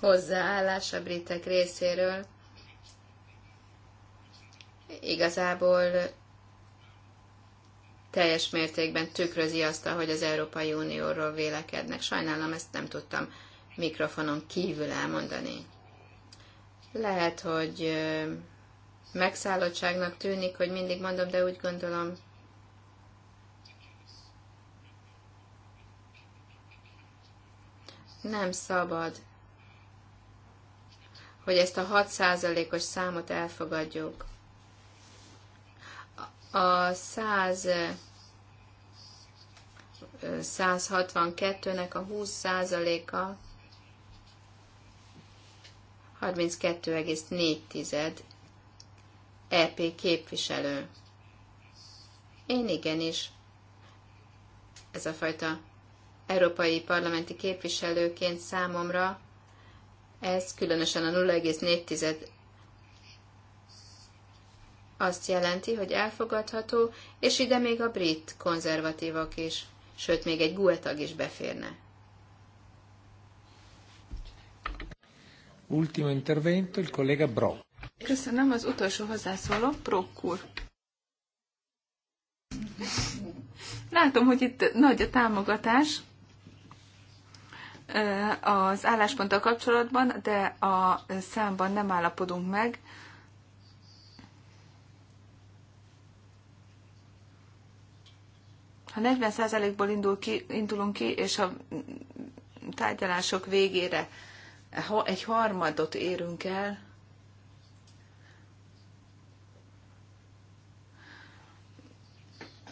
hozzáállás a britek részéről igazából teljes mértékben tükrözi azt, hogy az Európai Unióról vélekednek. Sajnálom, ezt nem tudtam mikrofonon kívül elmondani. Lehet, hogy megszállottságnak tűnik, hogy mindig mondom, de úgy gondolom, nem szabad, hogy ezt a 6%-os számot elfogadjuk. A 100 162-nek a 20%-a 32,4 EP képviselő. Én igenis. Ez a fajta európai parlamenti képviselőként számomra ez különösen a 0,4 azt jelenti, hogy elfogadható, és ide még a brit konzervatívak is, sőt, még egy guetag is beférne. Ultimo intervento, il collega Bro. Köszönöm, az utolsó hozzászóló, Brock úr. Látom, hogy itt nagy a támogatás az állásponttal kapcsolatban, de a számban nem állapodunk meg. Ha 40%-ból indul ki, indulunk ki, és a tárgyalások végére egy harmadot érünk el,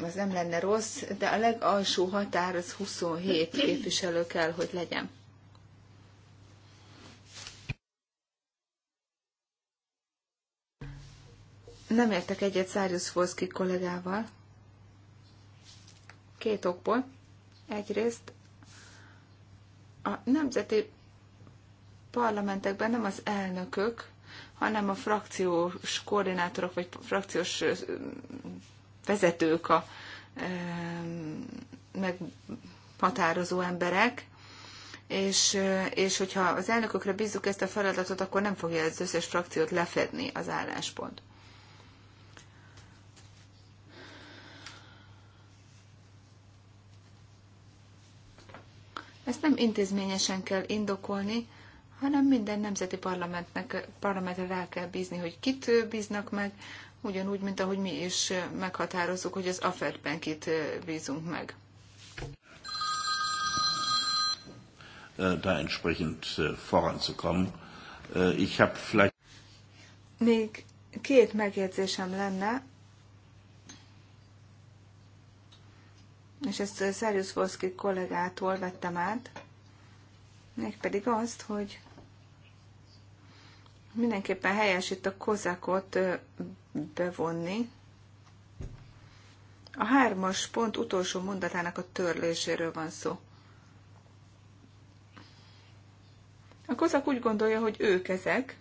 az nem lenne rossz, de a legalsó határ az 27 képviselő kell, hogy legyen. Nem értek egyet Szárius Foszki kollégával. Két okból. Egyrészt a nemzeti parlamentekben nem az elnökök, hanem a frakciós koordinátorok vagy frakciós vezetők, a meghatározó emberek, és, és hogyha az elnökökre bízzuk ezt a feladatot, akkor nem fogja az összes frakciót lefedni az álláspont. Ezt nem intézményesen kell indokolni, hanem minden nemzeti parlamentnek, parlamentre rá kell bízni, hogy kit bíznak meg, ugyanúgy, mint ahogy mi is meghatározzuk, hogy az afed Bankit bízunk meg. Da entsprechend voranzukommen. Ich habe vielleicht... Még két megjegyzésem lenne, és ezt Szerjusz Voszki kollégától vettem át, mégpedig azt, hogy Mindenképpen helyes itt a kozákot bevonni. A hármas pont utolsó mondatának a törléséről van szó. A kozak úgy gondolja, hogy ők ezek,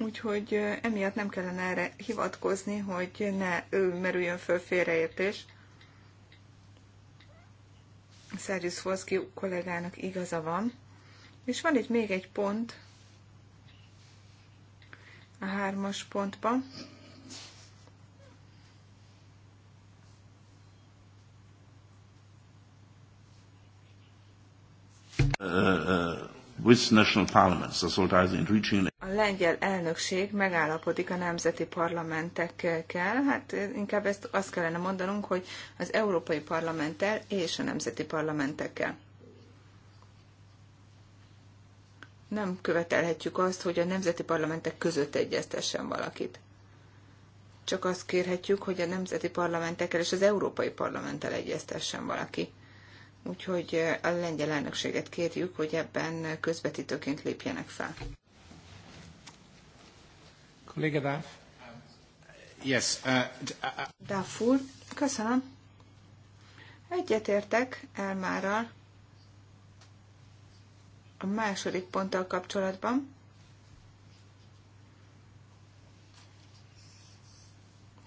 úgyhogy emiatt nem kellene erre hivatkozni, hogy ne ő merüljön föl félreértés. Szerjusz Foszki kollégának igaza van. És van itt még egy pont a hármas pontban. Uh, uh, with national parliaments, A lengyel elnökség megállapodik a nemzeti parlamentekkel. Hát eh, inkább ezt azt kellene mondanunk, hogy az európai parlamenttel és a nemzeti parlamentekkel. nem követelhetjük azt, hogy a nemzeti parlamentek között egyeztessen valakit. Csak azt kérhetjük, hogy a nemzeti parlamentekkel és az Európai Parlamenttel egyeztessen valaki. Úgyhogy eh, a lengyel elnökséget kérjük, hogy ebben közvetítőként lépjenek fel. Kolléga Dáf. Yes. Uh, uh, uh Dáf úr, köszönöm. Egyetértek Elmárral a második ponttal kapcsolatban.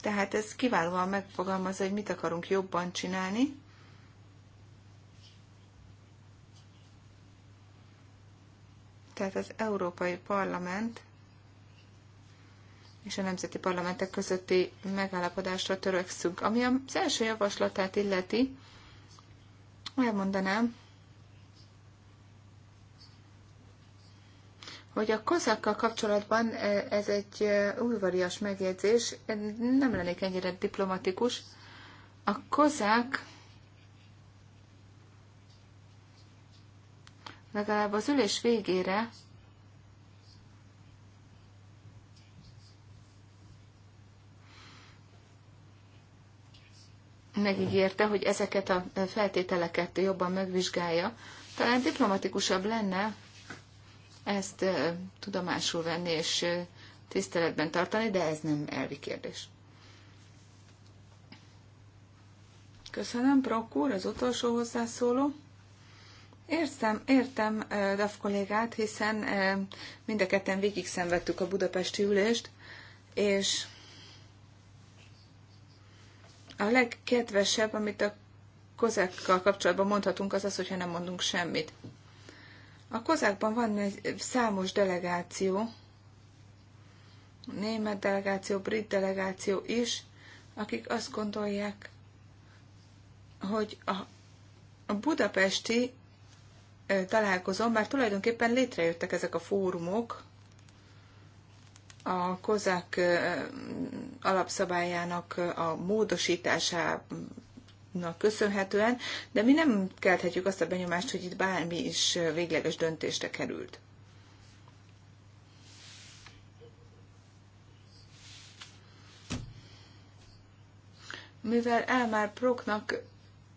Tehát ez kiválóan megfogalmazza, hogy mit akarunk jobban csinálni. Tehát az Európai Parlament és a nemzeti parlamentek közötti megállapodásra törekszünk. Ami az első javaslatát illeti, elmondanám, hogy a kozákkal kapcsolatban e, ez egy újvarias e, megjegyzés, nem lennék ennyire diplomatikus. A kozák legalább az ülés végére megígérte, hogy ezeket a feltételeket jobban megvizsgálja. Talán diplomatikusabb lenne, ezt tudomásul venni és tiszteletben tartani, de ez nem elvi kérdés. Köszönöm, Prokúr, az utolsó hozzászóló. Értem, értem DAF kollégát, hiszen mind a ketten végig szenvedtük a budapesti ülést, és a legkedvesebb, amit a kozekkal kapcsolatban mondhatunk, az az, hogyha nem mondunk semmit. A kozákban van egy számos delegáció, német delegáció, brit delegáció is, akik azt gondolják, hogy a, a budapesti találkozón már tulajdonképpen létrejöttek ezek a fórumok, a kozák alapszabályának a módosításában folyamatnak köszönhetően, de mi nem kelthetjük azt a benyomást, hogy itt bármi is végleges döntésre került. Mivel Elmar Proknak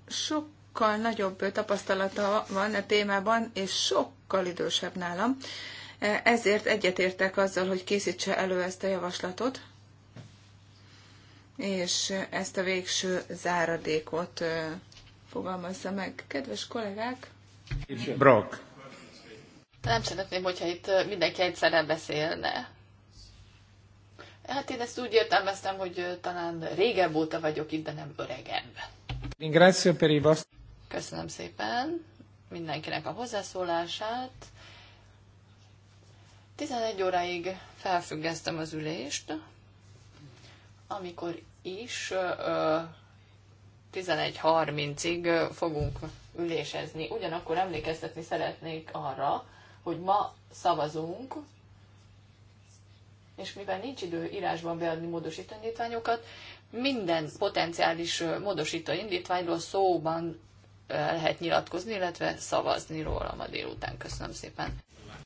sokkal nagyobb tapasztalata van a e témában, és sokkal idősebb nálam, e, ezért egyetértek azzal, hogy készítse elő ezt a javaslatot és ezt a végső záradékot fogalmazza meg. Kedves kollégák! Brock. Nem szeretném, hogyha itt mindenki egyszerre beszélne. Hát én ezt úgy értelmeztem, hogy talán régebb óta vagyok itt, de nem öregebb. Köszönöm szépen mindenkinek a hozzászólását. 11 óráig felfüggesztem az ülést, amikor is 11.30-ig fogunk ülésezni. Ugyanakkor emlékeztetni szeretnék arra, hogy ma szavazunk, és mivel nincs idő írásban beadni módosító indítványokat, minden potenciális módosító indítványról szóban lehet nyilatkozni, illetve szavazni róla ma délután. Köszönöm szépen.